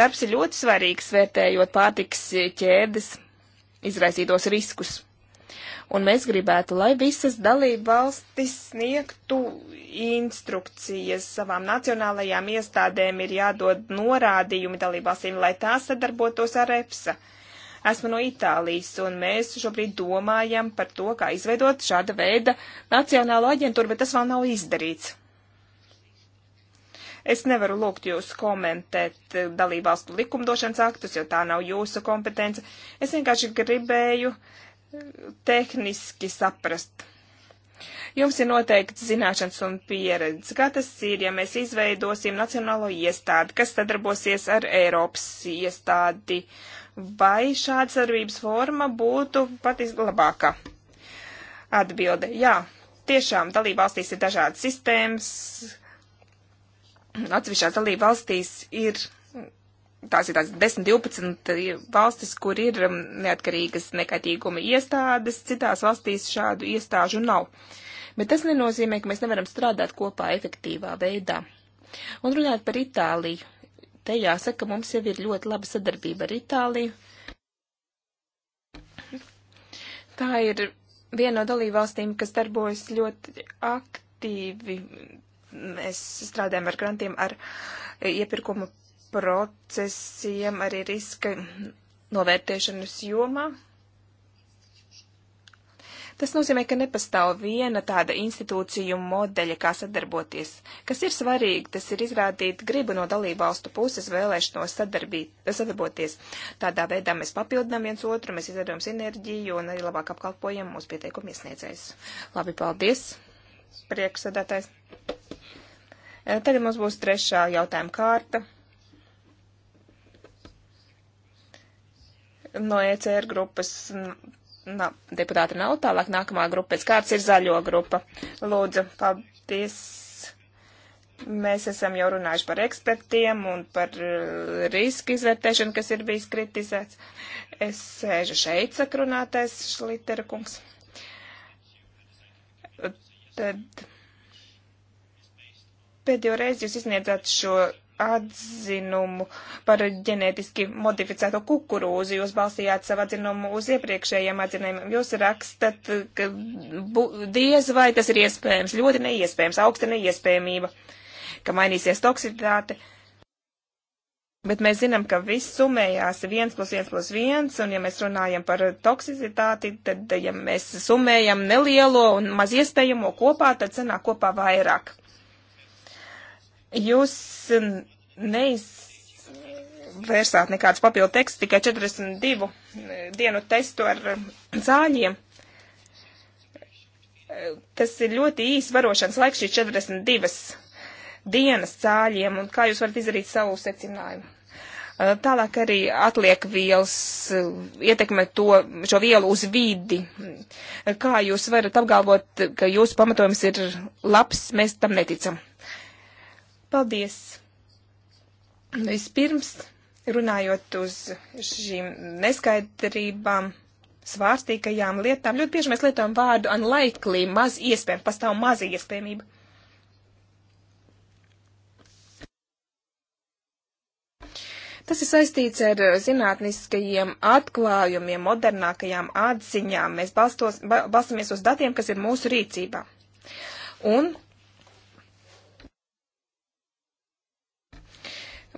darbs ir ļoti svarīgs, vērtējot pārtiks ķēdes izraisītos riskus un mēs gribētu, lai visas dalība valstis sniegtu instrukcijas savām nacionālajām iestādēm, ir jādod norādījumi dalība valstīm, lai tās sadarbotos ar EPSA. Esmu no Itālijas, un mēs šobrīd domājam par to, kā izveidot šāda veida nacionālo aģentūru, bet tas vēl nav izdarīts. Es nevaru lūgt jūs komentēt dalībvalstu likumdošanas aktus, jo tā nav jūsu kompetence. Es vienkārši gribēju tehniski saprast. Jums ir noteikti zināšanas un pieredze, kā tas ir, ja mēs izveidosim nacionālo iestādi, kas sadarbosies ar Eiropas iestādi, vai šāda sadarbības forma būtu pat labākā? Atbilde, jā, tiešām dalībvalstīs ir dažādas sistēmas, atsevišķās dalībvalstīs ir tās ir tās 10-12 eh, valstis, kur ir um, neatkarīgas nekaitīguma iestādes, citās valstīs šādu iestāžu nav. Bet tas nenozīmē, ka mēs nevaram strādāt kopā efektīvā veidā. Un runājot par Itāliju, te jāsaka, mums jau ir ļoti laba sadarbība ar Itāliju. Tā ir viena no dalībvalstīm, kas darbojas ļoti aktīvi. Mēs strādājam ar grantiem, ar iepirkumu procesiem arī riska novērtēšanas jomā. Tas nozīmē, ka nepastāv viena tāda institūciju modeļa, kā sadarboties. Kas ir svarīgi, tas ir izrādīt gribu no dalībvalstu puses vēlēšanos sadarboties. Tādā veidā mēs papildinām viens otru, mēs izveidojam sinerģiju un arī labāk apkalpojam mūsu pieteikumu iesniedzējus. Labi, paldies, priekšsēdētājs. Tagad mums būs trešā jautājuma kārta. no ECR grupas nā, deputāti nav. Tālāk nākamā grupa pēc kārtas ir zaļo grupa. Lūdzu, paldies. Mēs esam jau runājuši par ekspertiem un par eh, riska izvērtēšanu, kas ir bijis kritizēts. Es sēžu šeit, sakrunātais Šlitera kungs. Tad pēdējo reizi jūs izniedzāt šo atzinumu par ģenētiski modificēto kukurūzu. Jūs balstījāt savu atzinumu uz iepriekšējiem atzinumiem. Jūs rakstat, ka diez vai tas ir iespējams, ļoti neiespējams, augsta neiespējamība, ka mainīsies toksitāte. Bet mēs zinām, ka viss summējās 1 plus 1 plus 1, un ja mēs runājam par toksicitāti, tad ja mēs summējam nelielo un maz iespējamo kopā, tad sanāk kopā vairāk. Jūs um, neizvērsāt nekādus papildu tekstus, tikai 42 uh, dienu testu ar um, zāļiem. Uh, tas ir ļoti īs varošanas laiks, šīs 42 dienas zāļiem, un kā jūs varat izdarīt savu secinājumu? Uh, tālāk arī atliek vielas ietekme to, šo vielu uz vidi. Kā jūs varat apgalvot, ka jūsu pamatojums ir labs, mēs tam neticam. Paldies! Vispirms, runājot uz šīm neskaidrībām, svārstīgajām lietām, ļoti bieži mēs lietojam vārdu unlikely, maz iespējami, pastāv maz iespējamība. Tas ir saistīts ar zinātniskajiem atklājumiem, modernākajām atziņām. Mēs balstos, ba, balstamies uz datiem, kas ir mūsu rīcībā. Un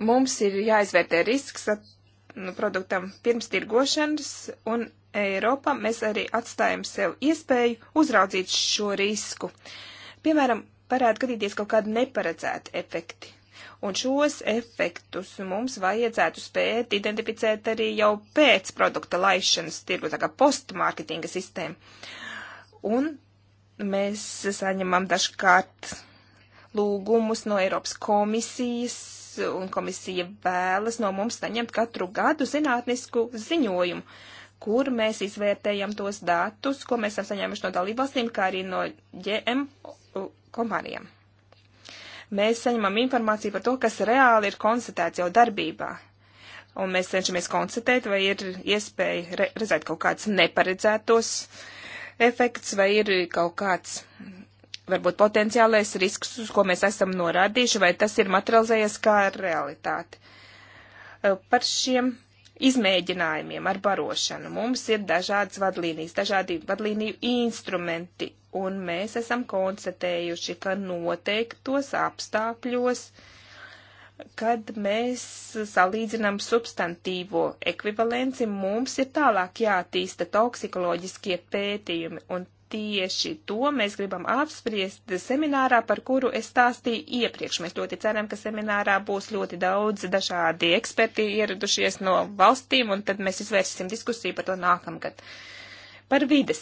Mums ir jāizvērtē risks nu, produktam pirms tirgošanas, un Eiropā mēs arī atstājam sev iespēju uzraudzīt šo risku. Piemēram, varētu gadīties kaut kādi neparedzēti efekti. Un šos efektus mums vajadzētu spēt identificēt arī jau pēc produkta laišanas tirgu, tā kā postmārketinga sistēma. Un mēs saņemam dažkārt lūgumus no Eiropas komisijas un komisija vēlas no mums saņemt katru gadu zinātnisku ziņojumu, kur mēs izvērtējam tos datus, ko mēs esam saņēmuši no dalībvalstīm, kā arī no ģM komārijām. Mēs saņemam informāciju par to, kas reāli ir konstatēts jau darbībā. Un mēs cenšamies konstatēt, vai ir iespēja re redzēt kaut kāds neparedzētos efekts, vai ir kaut kāds varbūt potenciālais risks, uz ko mēs esam norādījuši, vai tas ir materializējies kā realitāte. Eh, par šiem izmēģinājumiem ar barošanu mums ir dažādas vadlīnijas, dažādi vadlīniju instrumenti, un mēs esam konstatējuši, ka noteiktos apstākļos, kad mēs salīdzinām substantīvo ekvivalenci, mums ir tālāk jātīsta toksikoloģiskie pētījumi, un tieši to mēs gribam apspriest seminārā, par kuru es stāstīju iepriekš. Mēs ļoti ceram, ka seminārā būs ļoti daudz dažādi eksperti ieradušies no valstīm, un tad mēs izvērsīsim diskusiju par to nākamgad. Par vides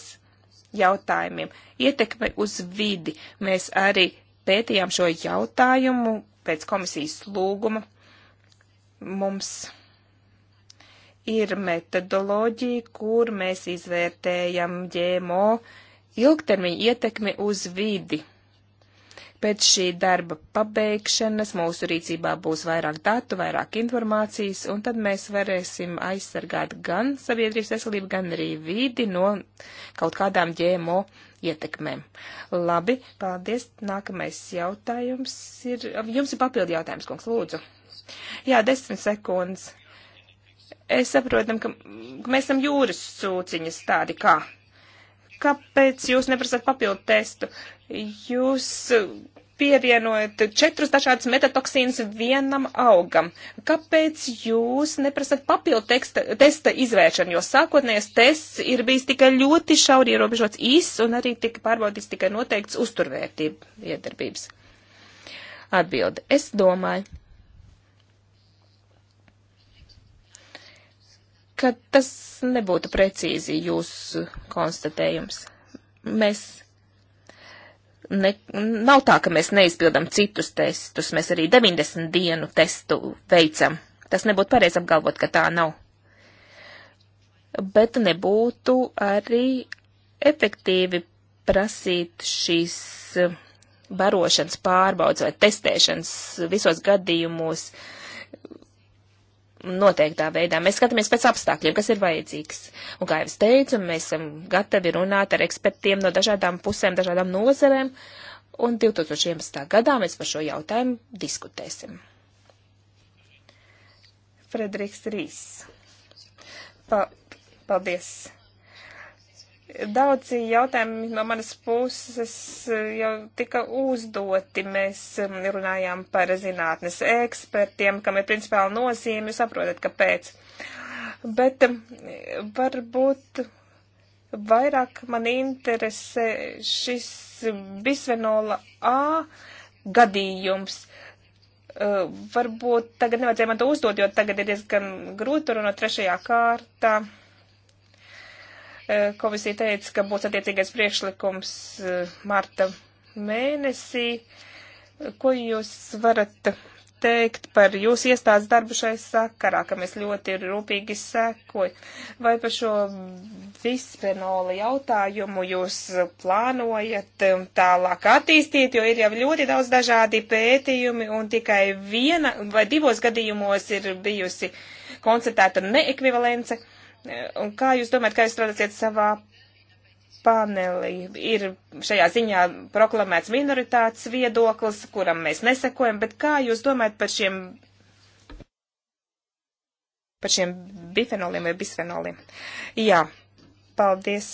jautājumiem. Ietekme uz vidi. Mēs arī pētījām šo jautājumu pēc komisijas lūguma. Mums ir metodoloģija, kur mēs izvērtējam ģēmo ilgtermiņa ietekmi uz vidi. Pēc šī darba pabeigšanas mūsu rīcībā būs vairāk datu, vairāk informācijas, un tad mēs varēsim aizsargāt gan sabiedrības veselību, gan arī vidi no kaut kādām ģēmo ietekmēm. Labi, paldies. Nākamais jautājums ir. Jums ir papildi jautājums, kungs, lūdzu. Jā, desmit sekundes. Es saprotam, ka mēs esam jūras sūciņas tādi kā Kāpēc jūs neprasat papildu testu? Jūs pievienojat četrus dažādus metatoksīnus vienam augam. Kāpēc jūs neprasat papildu teksta, testa izvēršanu, jo sākotnējais tests ir bijis tikai ļoti šauri ierobežots īss un arī tika pārbaudīts tikai noteikts uzturvērtību iedarbības? Atbilde. Es domāju, ka tas nebūtu precīzi jūsu konstatējums. Mēs ne, nav tā, ka mēs neizpildam citus testus, mēs arī 90 dienu testu veicam. Tas nebūtu pareizi apgalvot, ka tā nav. Bet nebūtu arī efektīvi prasīt šīs barošanas pārbaudas vai testēšanas visos gadījumos, noteiktā veidā. Mēs skatāmies pēc apstākļiem, kas ir vajadzīgs. Un, kā jau es teicu, mēs esam gatavi runāt ar ekspertiem no dažādām pusēm, dažādām nozerēm, un 2011. gadā mēs par šo jautājumu diskutēsim. Frederiks Rīs. Pa paldies! Daudzi jautājumi no manas puses eh, jau tika uzdoti. Mēs eh, runājām par zinātnes ekspertiem, kam ir principāli nozīme, jūs saprotat, kāpēc. Bet eh, varbūt vairāk man interesē šis bisvenola A gadījums. Varbūt tagad nevajadzēja man to uzdot, jo tagad ir diezgan grūti runāt trešajā kārtā. Eh, komisija teica, ka būs attiecīgais priekšlikums eh, marta mēnesī. Ko jūs varat teikt par jūsu iestādes darbu šai sakarā, ka mēs ļoti rūpīgi sekoju? Vai par šo vispenola jautājumu jūs plānojat um, tālāk attīstīt, jo ir jau ļoti daudz dažādi pētījumi un tikai viena vai divos gadījumos ir bijusi koncentrēta neekvivalence? Un kā jūs domājat, kā jūs strādāsiet savā panelī? Ir šajā ziņā proklamēts minoritātes viedoklis, kuram mēs nesekojam, bet kā jūs domājat par šiem, par šiem bifenoliem vai bisfenoliem? Jā, paldies.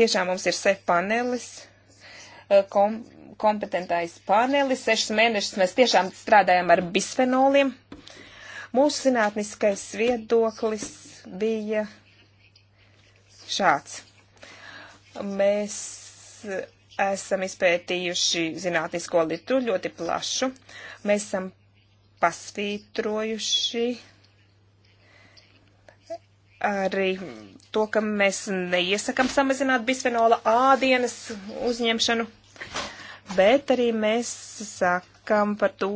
Tiešām mums ir sef panelis. Eh, kom kompetentais panelis. Sešas mēnešus mēs tiešām strādājam ar bisfenoliem. Mūsu zinātniskais viedoklis bija šāds. Mēs esam izpētījuši zinātnisko litru ļoti plašu. Mēs esam pasvītrojuši arī to, ka mēs neiesakam samazināt bisfenola ādienas uzņemšanu bet arī mēs sakam par to,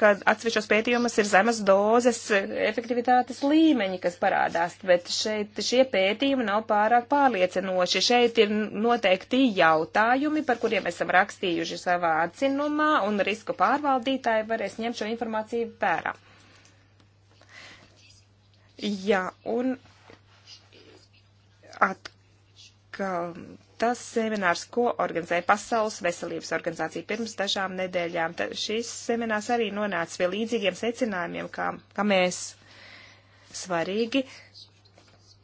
ka atsevišķos pētījumus ir zemes dozes efektivitātes līmeņi, kas parādās, bet šeit šie pētījumi nav pārāk pārliecinoši. Šeit ir noteikti jautājumi, par kuriem esam rakstījuši savā atzinumā, un risku pārvaldītāji varēs ņemt šo informāciju vērā. Jā, un atkal tas seminārs, ko organizēja Pasaules veselības organizācija pirms dažām nedēļām. Tad šis seminārs arī nonāca pie līdzīgiem secinājumiem, kā, kā mēs svarīgi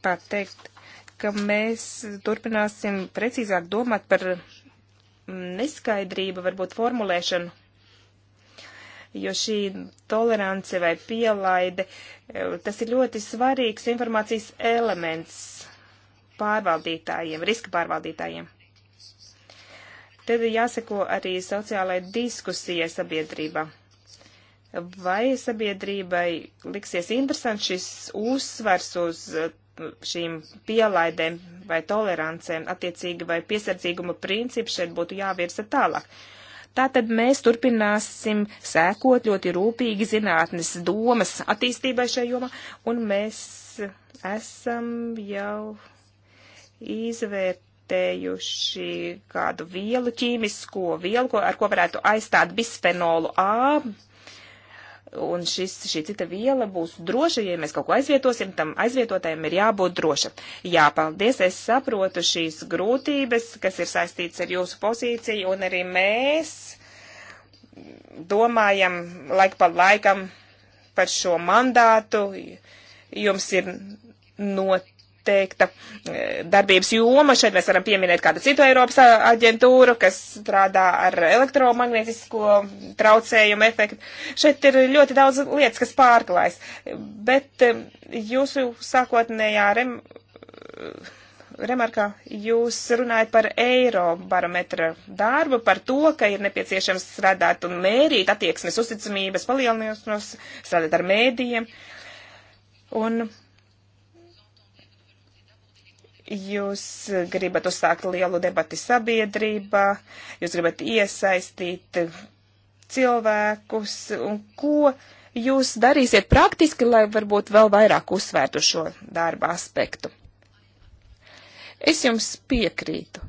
pateikt, ka mēs turpināsim precīzāk domāt par neskaidrību, varbūt formulēšanu jo šī tolerance vai pielaide, eh, tas ir ļoti svarīgs informācijas elements pārvaldītājiem, riska pārvaldītājiem. Tad ir jāseko arī sociālai diskusijai sabiedrībā. Vai sabiedrībai liksies interesants šis uzsvars uz uh, šīm pielaidēm vai tolerancēm, attiecīgi vai piesardzīguma princips šeit būtu jāvirza tālāk. Tātad mēs turpināsim sēkot ļoti rūpīgi zinātnes domas attīstībai šajā jomā, un mēs esam jau izvērtējuši kādu vielu, ķīmisko vielu, ko, ar ko varētu aizstāt bisfenolu A. Un šis, šī cita viela būs droša, ja mēs kaut ko aizvietosim, tam aizvietotājiem ir jābūt droša. Jā, paldies, es saprotu šīs grūtības, kas ir saistīts ar jūsu pozīciju, un arī mēs domājam laik pa laikam par šo mandātu. Jums ir not noteikta e, darbības joma. Šeit mēs varam pieminēt kādu citu Eiropas aģentūru, kas strādā ar elektromagnetisko traucējumu efektu. Šeit ir ļoti daudz lietas, kas pārklājas, bet e, jūsu sākotnējā rem... E, remarkā jūs runājat par eiro barometra darbu, par to, ka ir nepieciešams strādāt un mērīt attieksmes uzticamības palielināšanos, strādāt ar mēdījiem. Un Jūs gribat uzsākt lielu debati sabiedrībā, jūs gribat iesaistīt cilvēkus, un ko jūs darīsiet praktiski, lai varbūt vēl vairāk uzsvērtu šo darba aspektu? Es jums piekrītu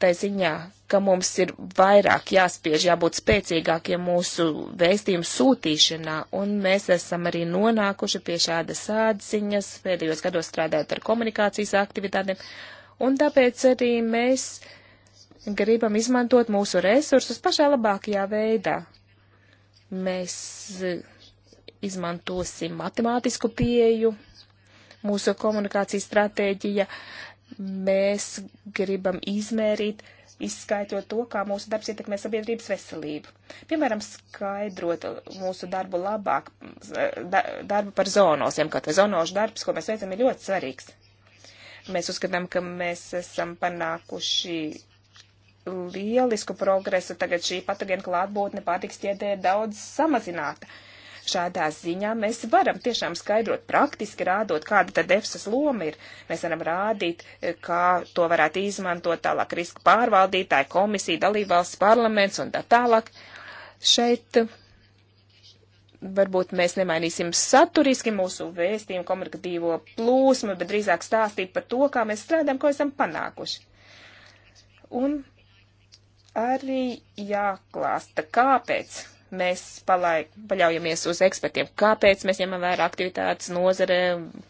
tā ziņā, ka mums ir vairāk jāspiež, jābūt spēcīgākiem mūsu vēstījumu sūtīšanā, un mēs esam arī nonākuši pie šādas sādziņas, pēdējos gados strādājot ar komunikācijas aktivitātēm, un tāpēc arī mēs gribam izmantot mūsu resursus pašā labākajā veidā. Mēs e, izmantosim matemātisku pieju, mūsu komunikācijas stratēģija mēs gribam izmērīt, izskaitot to, kā mūsu darbs ietekmē sabiedrības veselību. Piemēram, skaidrot mūsu darbu labāk, da, darbu par zonosiem, kā tā zonošu darbs, ko mēs veicam, ir ļoti svarīgs. Mēs uzskatām, ka mēs esam panākuši lielisku progresu, tagad šī patogēna klātbūtne pārtiks ķēdē ir daudz samazināta. Uh, Šādā ziņā mēs varam tiešām skaidrot praktiski rādot, kāda tad EFSAS loma ir. Mēs varam rādīt, eh, kā to varētu izmantot tālāk riska pārvaldītāji, komisija, dalībvalsts parlaments un tā tālāk. Šeit eh, varbūt mēs nemainīsim saturiski mūsu vēstījumu, komunikatīvo plūsmu, bet drīzāk stāstīt par to, kā mēs strādājam, ko esam panākuši. Un arī jāklāsta, kāpēc mēs palai, paļaujamies uz ekspertiem, kāpēc mēs ņemam vērā aktivitātes nozare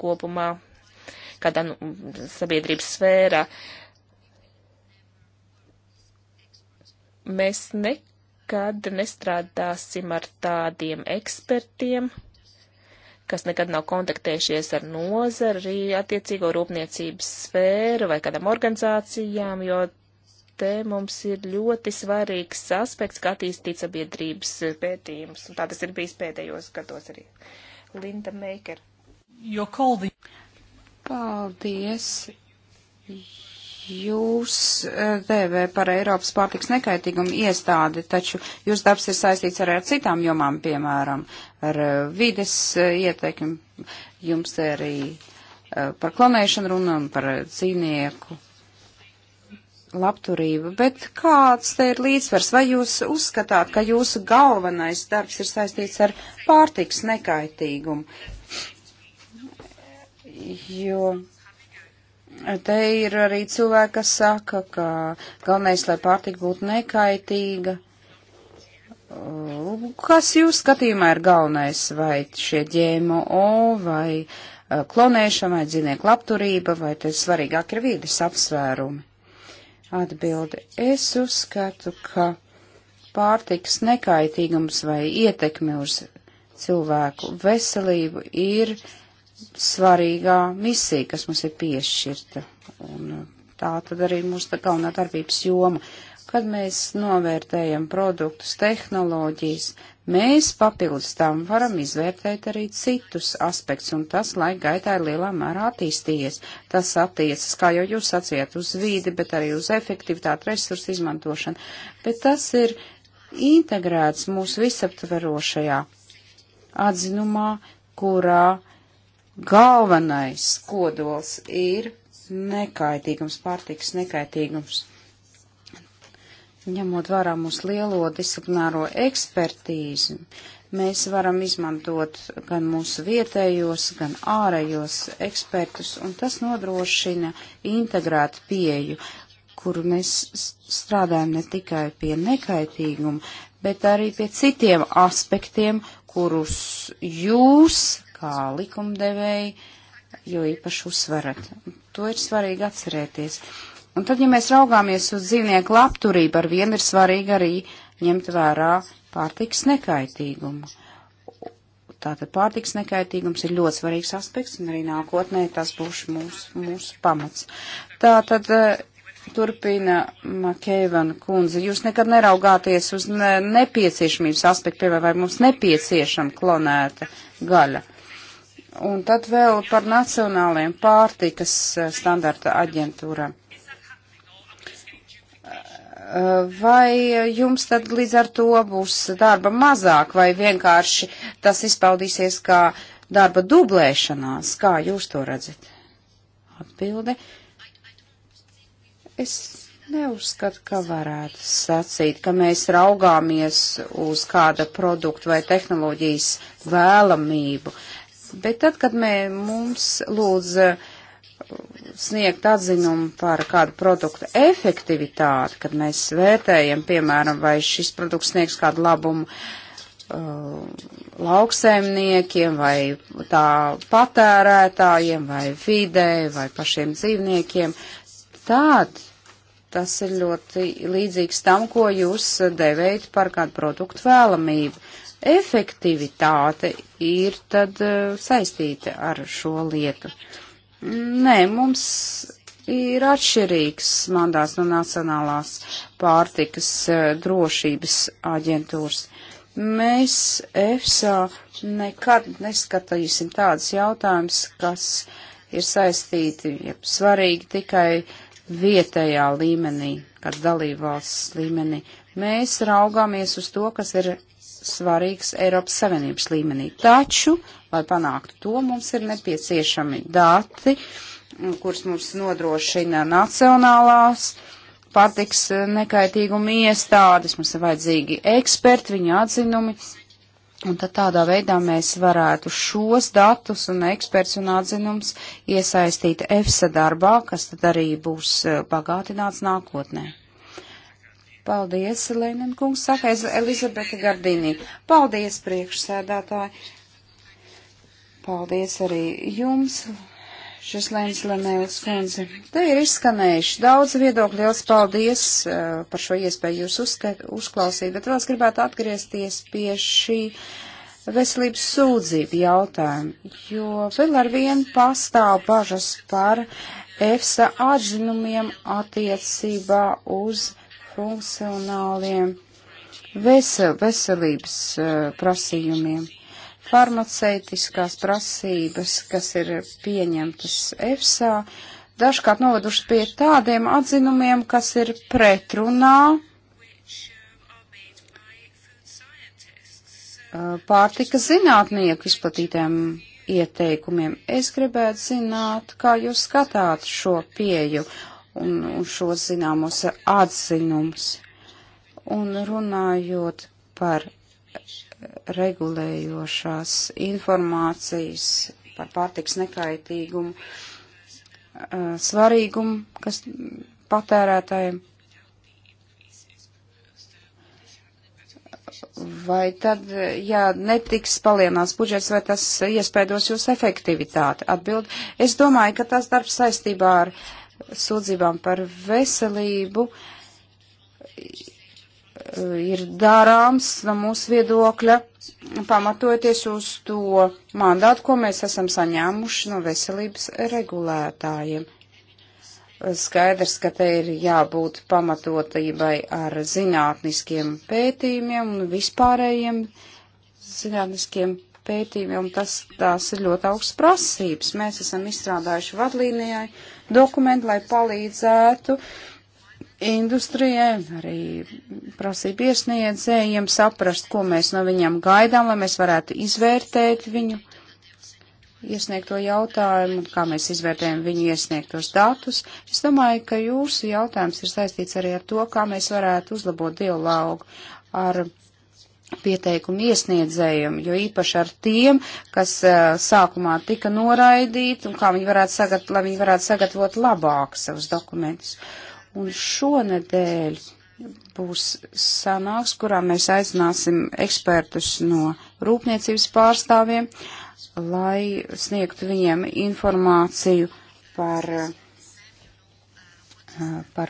kopumā, kādā nu, sabiedrības sfērā. Mēs nekad nestrādāsim ar tādiem ekspertiem, kas nekad nav kontaktējušies ar nozari, attiecīgo rūpniecības sfēru vai kādam organizācijām, jo te mums ir ļoti svarīgs aspekts, kā attīstīt sabiedrības pētījums, un tā tas ir bijis pēdējos gados arī. Linda Meiker. Jo koldi. Paldies. Jūs eh, DV par Eiropas pārtiks nekaitīgumu iestādi, taču jūs darbs ir saistīts arī ar citām jomām, piemēram, ar eh, vides eh, ieteikumu. Jums arī par klonēšanu runam, par dzīvnieku labturība, bet kāds te ir līdzsvars? Vai jūs uzskatāt, ka jūsu galvenais darbs ir saistīts ar pārtiks nekaitīgumu? Jo te ir arī cilvēki, kas saka, ka galvenais, lai pārtika būtu nekaitīga. Kas jūs skatījumā ir galvenais? Vai šie ģēmo vai eh, klonēšana vai dzīvnieku labturība vai te svarīgāk ir vīdes apsvērumi? Atbildi. Es uzskatu, ka pārtikas nekaitīgums vai ietekme uz cilvēku veselību ir svarīgā misija, kas mums ir piešķirta. Un tā tad arī mūsu galvenā darbības joma. Kad mēs novērtējam produktus, tehnoloģijas, Mēs papildus tam varam izvērtēt arī citus aspektus, un tas laika gaitā ir lielā mērā attīstījies. Tas attiecas, kā jau jūs sacījāt, uz vīdi, bet arī uz efektivitāti, resursu izmantošanu. Bet tas ir integrēts mūsu visaptverošajā atzinumā, kurā galvenais kodols ir nekaitīgums, pārtiks nekaitīgums. Ņemot vērā mūsu lielo disciplināro ekspertīzi, mēs varam izmantot gan mūsu vietējos, gan ārējos ekspertus, un tas nodrošina integrētu pieju, kur mēs strādājam ne tikai pie nekaitīguma, bet arī pie citiem aspektiem, kurus jūs, kā likumdevēji, jo īpaši uzsverat. To ir svarīgi atcerēties. Uh, Un tad, ja mēs raugāmies uz dzīvnieku labturību, ar vienu ir svarīgi arī ņemt vērā pārtiks nekaitīgumu. Tātad pārtiks nekaitīgums ir ļoti svarīgs aspekts, un arī nākotnē tas būs mūsu, mūsu pamats. Tātad eh, Turpina Makeivana kundze, jūs nekad neraugāties uz ne, nepieciešamības aspektu, piemēram, vai mums nepieciešama klonēta gaļa. Un tad vēl par nacionāliem pārtikas eh, standarta aģentūram. Vai jums tad līdz ar to būs darba mazāk, vai vienkārši tas izpaudīsies kā darba dublēšanās? Kā jūs to redzat? Atbilde. Es neuzskatu, ka varētu sacīt, ka mēs raugāmies uz kāda produkta vai tehnoloģijas vēlamību. Bet tad, kad mē, mums lūdz uh, sniegt atzinumu par kādu produktu efektivitāti, kad mēs vērtējam, piemēram, vai šis produkts sniegs kādu labumu uh, lauksēmniekiem vai tā patērētājiem vai vidē vai pašiem dzīvniekiem, tad tas ir ļoti līdzīgs tam, ko jūs devējat par kādu produktu vēlamību. Efektivitāte ir tad uh, saistīta ar šo lietu. Uh, Nē, mums ir atšķirīgs mandāts no Nacionālās pārtikas e, drošības aģentūras. Mēs EFSA nekad neskatīsim tādus jautājumus, kas ir saistīti, ja svarīgi tikai vietējā līmenī, kad dalībvalsts līmenī. Mēs raugāmies uz to, kas ir svarīgs Eiropas Savienības līmenī. Taču, lai panāktu to, mums ir nepieciešami dati, kurus mums nodrošina nacionālās patiks e, nekaitīguma iestādes, mums ir vajadzīgi eksperti, viņa atzinumi. Un tad tādā veidā mēs varētu šos datus un eksperts un atzinums iesaistīt EFSA darbā, kas tad arī būs e, bagātināts nākotnē. Paldies, Lēnin kungs, saka Elizabete Gardīnī. Paldies, priekšsēdātāji. Paldies arī jums, šis Lēns Lenēls kundze. Te ir izskanējuši daudz viedokļu, liels paldies uh, par šo iespēju jūs uzskat, uzklausīt, bet vēl es gribētu atgriezties pie šī veselības sūdzību jautājumu, jo vēl ar vienu pastāv bažas par EFSA atzinumiem attiecībā uz funkcionāliem vesel, veselības eh, prasījumiem. Farmaceitiskās prasības, kas ir pieņemtas EFSA, dažkārt novedušas pie tādiem atzinumiem, kas ir pretrunā eh, pārtikas zinātnieku izplatītēm ieteikumiem. Es gribētu zināt, kā jūs skatāt šo pieju un, un šos zināmos atziņums. Un runājot par regulējošās informācijas par pārtiks nekaitīgumu, eh, svarīgumu, kas patērētājiem. Vai tad, ja netiks palielināts budžets, vai tas iespēdos jūs efektivitāti? Atbild, es domāju, ka tas darbs saistībā ar uh, sūdzībām par veselību ir darāms no mūsu viedokļa, pamatoties uz to mandātu, ko mēs esam saņēmuši no veselības regulētājiem. Skaidrs, ka te ir jābūt pamatotībai ar zinātniskiem pētījumiem un vispārējiem zinātniskiem pētījumiem pētījumiem, un tas, tās ir ļoti augsts prasības. Mēs esam izstrādājuši vadlīnijai dokumentu, lai palīdzētu industrijai, arī prasību iesniedzējiem saprast, ko mēs no viņiem gaidām, lai mēs varētu izvērtēt viņu iesniegto jautājumu, kā mēs izvērtējam viņu iesniegtos datus. Es domāju, ka jūsu jautājums ir saistīts arī ar to, kā mēs varētu uzlabot dialogu ar pieteikumu iesniedzējiem, jo īpaši ar tiem, kas uh, sākumā tika noraidīti un kā viņi varētu sagat, lai viņi varētu sagatavot labāk savus dokumentus. Un šonedēļ būs sanāks, kurā mēs aicināsim ekspertus no rūpniecības pārstāvjiem, lai sniegtu viņiem informāciju par, eh, par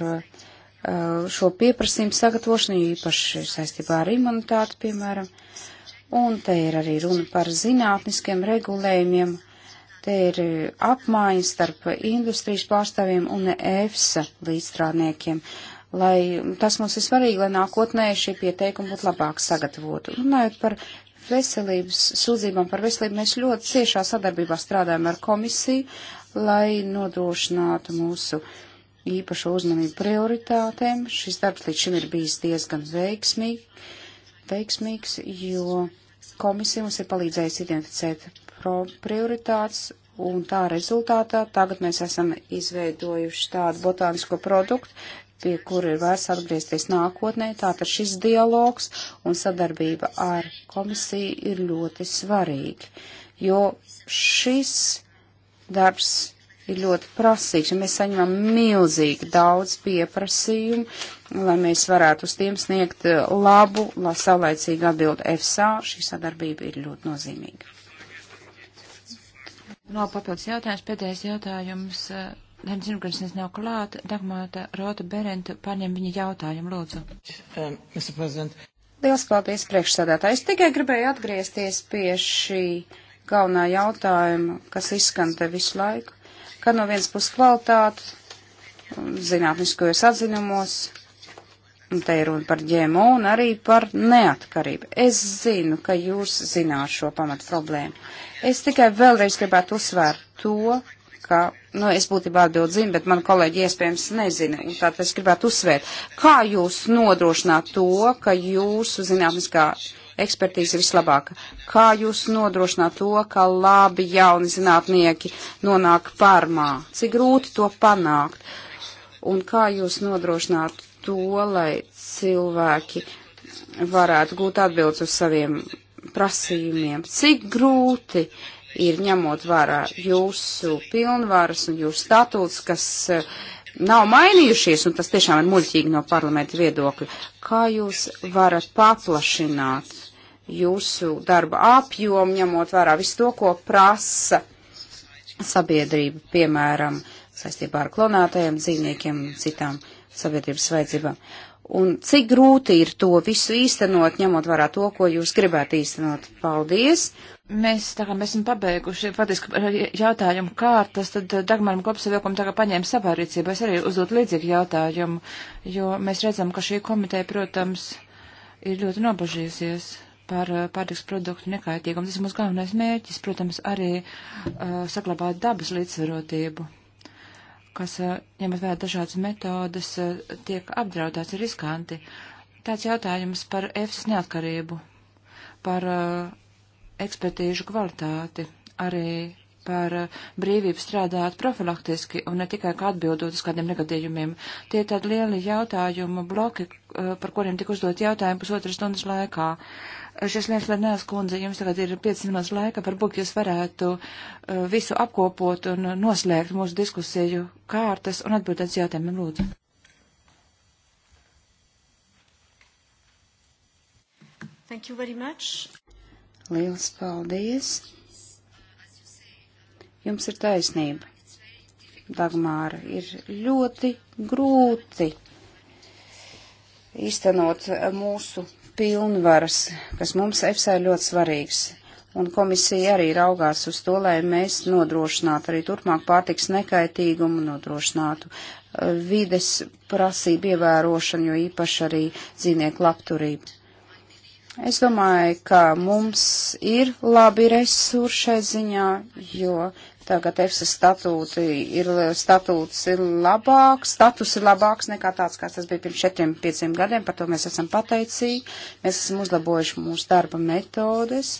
Uh, šo pieprasījumu sagatavošanu, īpaši saistībā ar imunitāti, piemēram. Un te ir arī runa par zinātniskiem regulējumiem, te ir apmaiņa starp industrijas pārstāvjiem un EFSA līdzstrādniekiem. Lai, tas mums ir svarīgi, lai nākotnē šie pieteikumi būtu labāk sagatavoti. Runājot par veselības sūdzībām par veselību, mēs ļoti ciešā sadarbībā strādājam ar komisiju, lai nodrošinātu mūsu uh, īpašu uzmanību prioritātēm. Šis darbs līdz šim ir bijis diezgan veiksmīgi, veiksmīgs, jo komisija mums ir palīdzējusi identificēt prioritātes, un tā rezultātā tagad mēs esam izveidojuši tādu botānisko produktu, pie kura ir vērts atgriezties nākotnē. Tātad šis dialogs un sadarbība ar komisiju ir ļoti svarīgi, jo šis darbs ir ļoti prasīgs, un mēs saņemam milzīgi daudz pieprasījumu, lai mēs varētu uz tiem sniegt eh, labu, lai saulaicīgi atbildu EFSA. Šī sadarbība ir ļoti nozīmīga. Nav no, papildus jautājums, pēdējais jautājums. Gan eh, Zirgrisnes nav klāt, Dagmāta Rota Berenta pārņem viņa jautājumu, lūdzu. Um, Liels paldies priekšsādātājs. Tikai gribēju atgriezties pie šī galvenā jautājuma, kas izskan te visu laiku ka no vienas puses kvalitāte, zinātniskajos atzinumos, un te ir runa par ģēmo un arī par neatkarību. Es zinu, ka jūs zināt šo pamatu problēmu. Es tikai vēlreiz gribētu uzsvērt to, ka, nu, es būtībā atbildu zinu, bet man kolēģi iespējams nezina, un tātad es gribētu uzsvērt, kā jūs nodrošināt to, ka jūsu zinātniskā ekspertīze vislabāka. Kā jūs nodrošināt to, ka labi jauni zinātnieki nonāk farmā? Cik grūti to panākt? Un kā jūs nodrošināt to, lai cilvēki varētu gūt atbildes uz saviem prasījumiem? Cik grūti ir ņemot vērā jūsu pilnvaras un jūsu statūts, kas uh, nav mainījušies, un tas tiešām ir muļķīgi no parlamenta viedokļa. Kā jūs varat paplašināt jūsu darba apjomu, ņemot vērā visu to, ko prasa sabiedrība, piemēram, saistībā ar klonētajiem dzīvniekiem, citām sabiedrības vajadzībām. Un cik grūti ir to visu īstenot, ņemot vērā to, ko jūs gribētu īstenot. Paldies! Mēs tā kā mēs esam pabeiguši, faktiski jautājumu kārtas, tad eh, Dagmaram Kopsavilkam tā kā paņēma savā rīcībā. Es arī uzdot līdzīgu jautājumu, jo mēs redzam, ka šī komiteja, protams, ir ļoti nobažījusies par eh, pārtiks produktu nekaitīgumu. Tas ir mūsu galvenais mērķis, protams, arī uh, saglabāt dabas līdzsvarotību, kas, uh, ņemot vērā dažādas metodas, uh, tiek apdraudēts riskanti. Tāds jautājums par EFSA neatkarību, par uh, ekspertīžu kvalitāti, arī par brīvību strādāt profilaktiski un ne tikai kā atbildot uz kādiem negadījumiem. Tie ir tādi lieli jautājumu bloki, par kuriem tika uzdot jautājumi pusotras stundas laikā. Šeslēns Lernēls kundze, jums tagad ir 5 minūtes laika, varbūt jūs varētu uh, visu apkopot un noslēgt mūsu diskusiju kārtas un atbildēt jautājumiem, lūdzu. Thank you very much. Liels paldies. Jums ir taisnība. Dagmāra ir ļoti grūti īstenot mūsu pilnvaras, kas mums EFSA ir ļoti svarīgs. Un komisija arī raugās uz to, lai mēs nodrošinātu arī turpmāk pārtiks nekaitīgumu, nodrošinātu eh, vides prasību ievērošanu, jo īpaši arī dzīvnieku labturību. Es domāju, ka mums ir labi resursi šai ziņā, jo Tagad EFSA statūti ir, statūts ir labāks, status ir labāks nekā tāds, kāds tas bija pirms četriem, pieciem gadiem, par to mēs esam pateicīgi, mēs esam uzlabojuši mūsu darba metodes,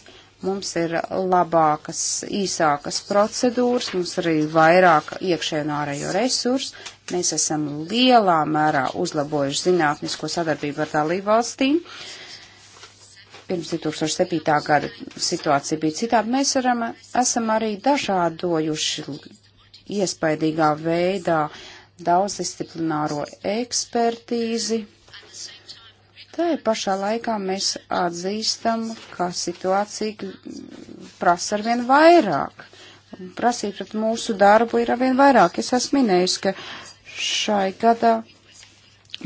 mums ir labākas, īsākas procedūras, mums ir arī vairāk iekšējo un ārējo resursu, mēs esam lielā mērā uzlabojuši zinātnisko sadarbību ar dalībvalstīm. valstīm pirms 2007. gada situācija bija citāda. Mēs varam, esam arī dažādojuši iespaidīgā veidā daudzdisciplināro ekspertīzi. Tā ir pašā laikā mēs atzīstam, ka situācija prasa arvien vairāk. Prasīt pret mūsu darbu ir arvien vairāk. Es esmu minējis, ka šai gadā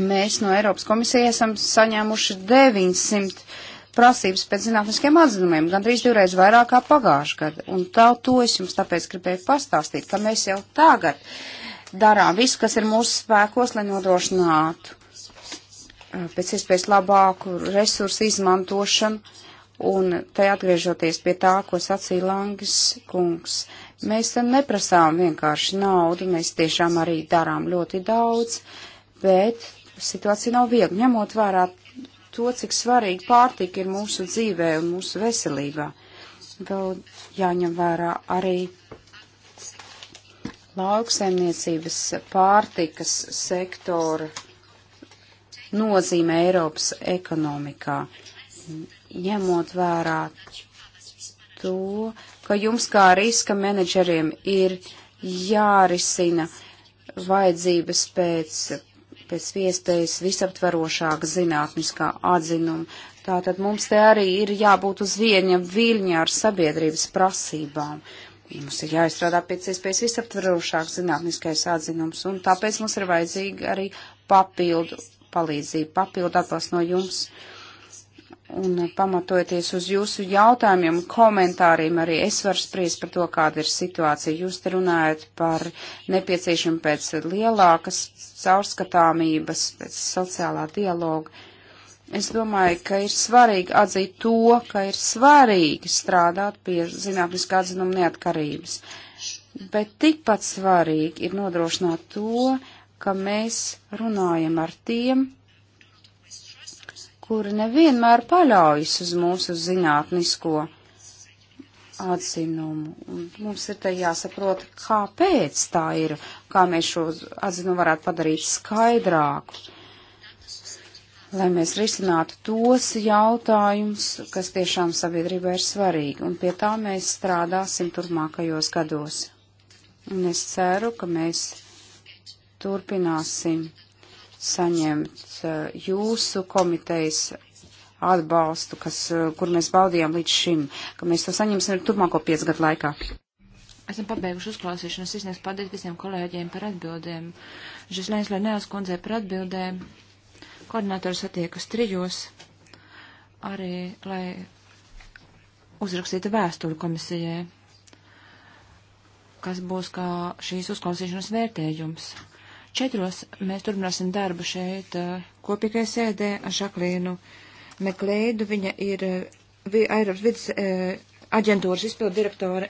mēs no Eiropas komisijas esam saņēmuši 900 prasības pēc zinātniskiem atzinumiem, gandrīz divreiz vairāk kā pagājušajā gadā. Un tā, to es jums tāpēc gribēju pastāstīt, ka mēs jau tagad darām visu, kas ir mūsu spēkos, lai nodrošinātu eh, pēc iespējas labāku resursu izmantošanu. Un te atgriežoties pie tā, ko sacīja Langis kungs, mēs te neprasām vienkārši naudu, mēs tiešām arī darām ļoti daudz, bet situācija nav viegli, ņemot vērā to, cik svarīgi pārtika ir mūsu dzīvē un mūsu veselībā. Vēl jāņem vērā arī lauksaimniecības pārtikas sektora nozīme Eiropas ekonomikā, ņemot vērā to, ka jums kā riska menedžeriem ir jārisina vajadzības pēc pēc iespējas visaptvarošāka zinātniskā atzinuma. Tātad mums te arī ir jābūt uz viena viļņa ar sabiedrības prasībām. Mums ir jāizstrādā pēc iespējas visaptvarošāk zinātniskais atzinums, un tāpēc mums ir vajadzīga arī papildu palīdzība, papildu atbalsts no jums. Un pamatojoties uz jūsu jautājumiem, komentāriem, arī es varu spriest par to, kāda ir situācija. Jūs te runājat par nepieciešamību pēc lielākas caurskatāmības, pēc sociālā dialoga. Es domāju, ka ir svarīgi atzīt to, ka ir svarīgi strādāt pie zinātniskā atzinuma neatkarības. Bet tikpat svarīgi ir nodrošināt to, ka mēs runājam ar tiem, kuri nevienmēr paļaujas uz mūsu zinātnisko atzinumu. Un mums ir te jāsaprot, kāpēc tā ir, kā mēs šo atzinumu varētu padarīt skaidrāku, lai mēs risinātu tos jautājumus, kas tiešām sabiedrībai ir svarīgi, un pie tā mēs strādāsim turpmākajos gados. Un es ceru, ka mēs turpināsim saņemt eh, jūsu komitejas atbalstu, kas, eh, kur mēs baudījām līdz šim, ka mēs to saņemsim turpmāko piecu gadu laikā. Esam pabeiguši uzklausīšanu, es izniegs padēt visiem kolēģiem par atbildēm. Žislēns Lenēls kundzei par atbildēm. Koordinātors attiekas trijos, arī lai uzrakstītu vēstuli komisijai, kas būs kā šīs uzklausīšanas vērtējums. Četros mēs turpināsim darbu šeit eh, kopīgai sēdē ar Žaklīnu. Meklēdu, viņa ir eh, vi, Eiropas vidas e, aģentūras izpildu direktore.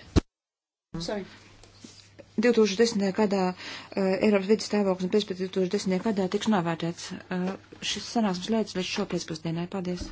Sorry. 2010. gadā uh, Eiropas vidas stāvoklis un pēc 2010. gadā tiks novērtēts uh, šis sanāksmes leids līdz šo pēcpusdienai. Paldies!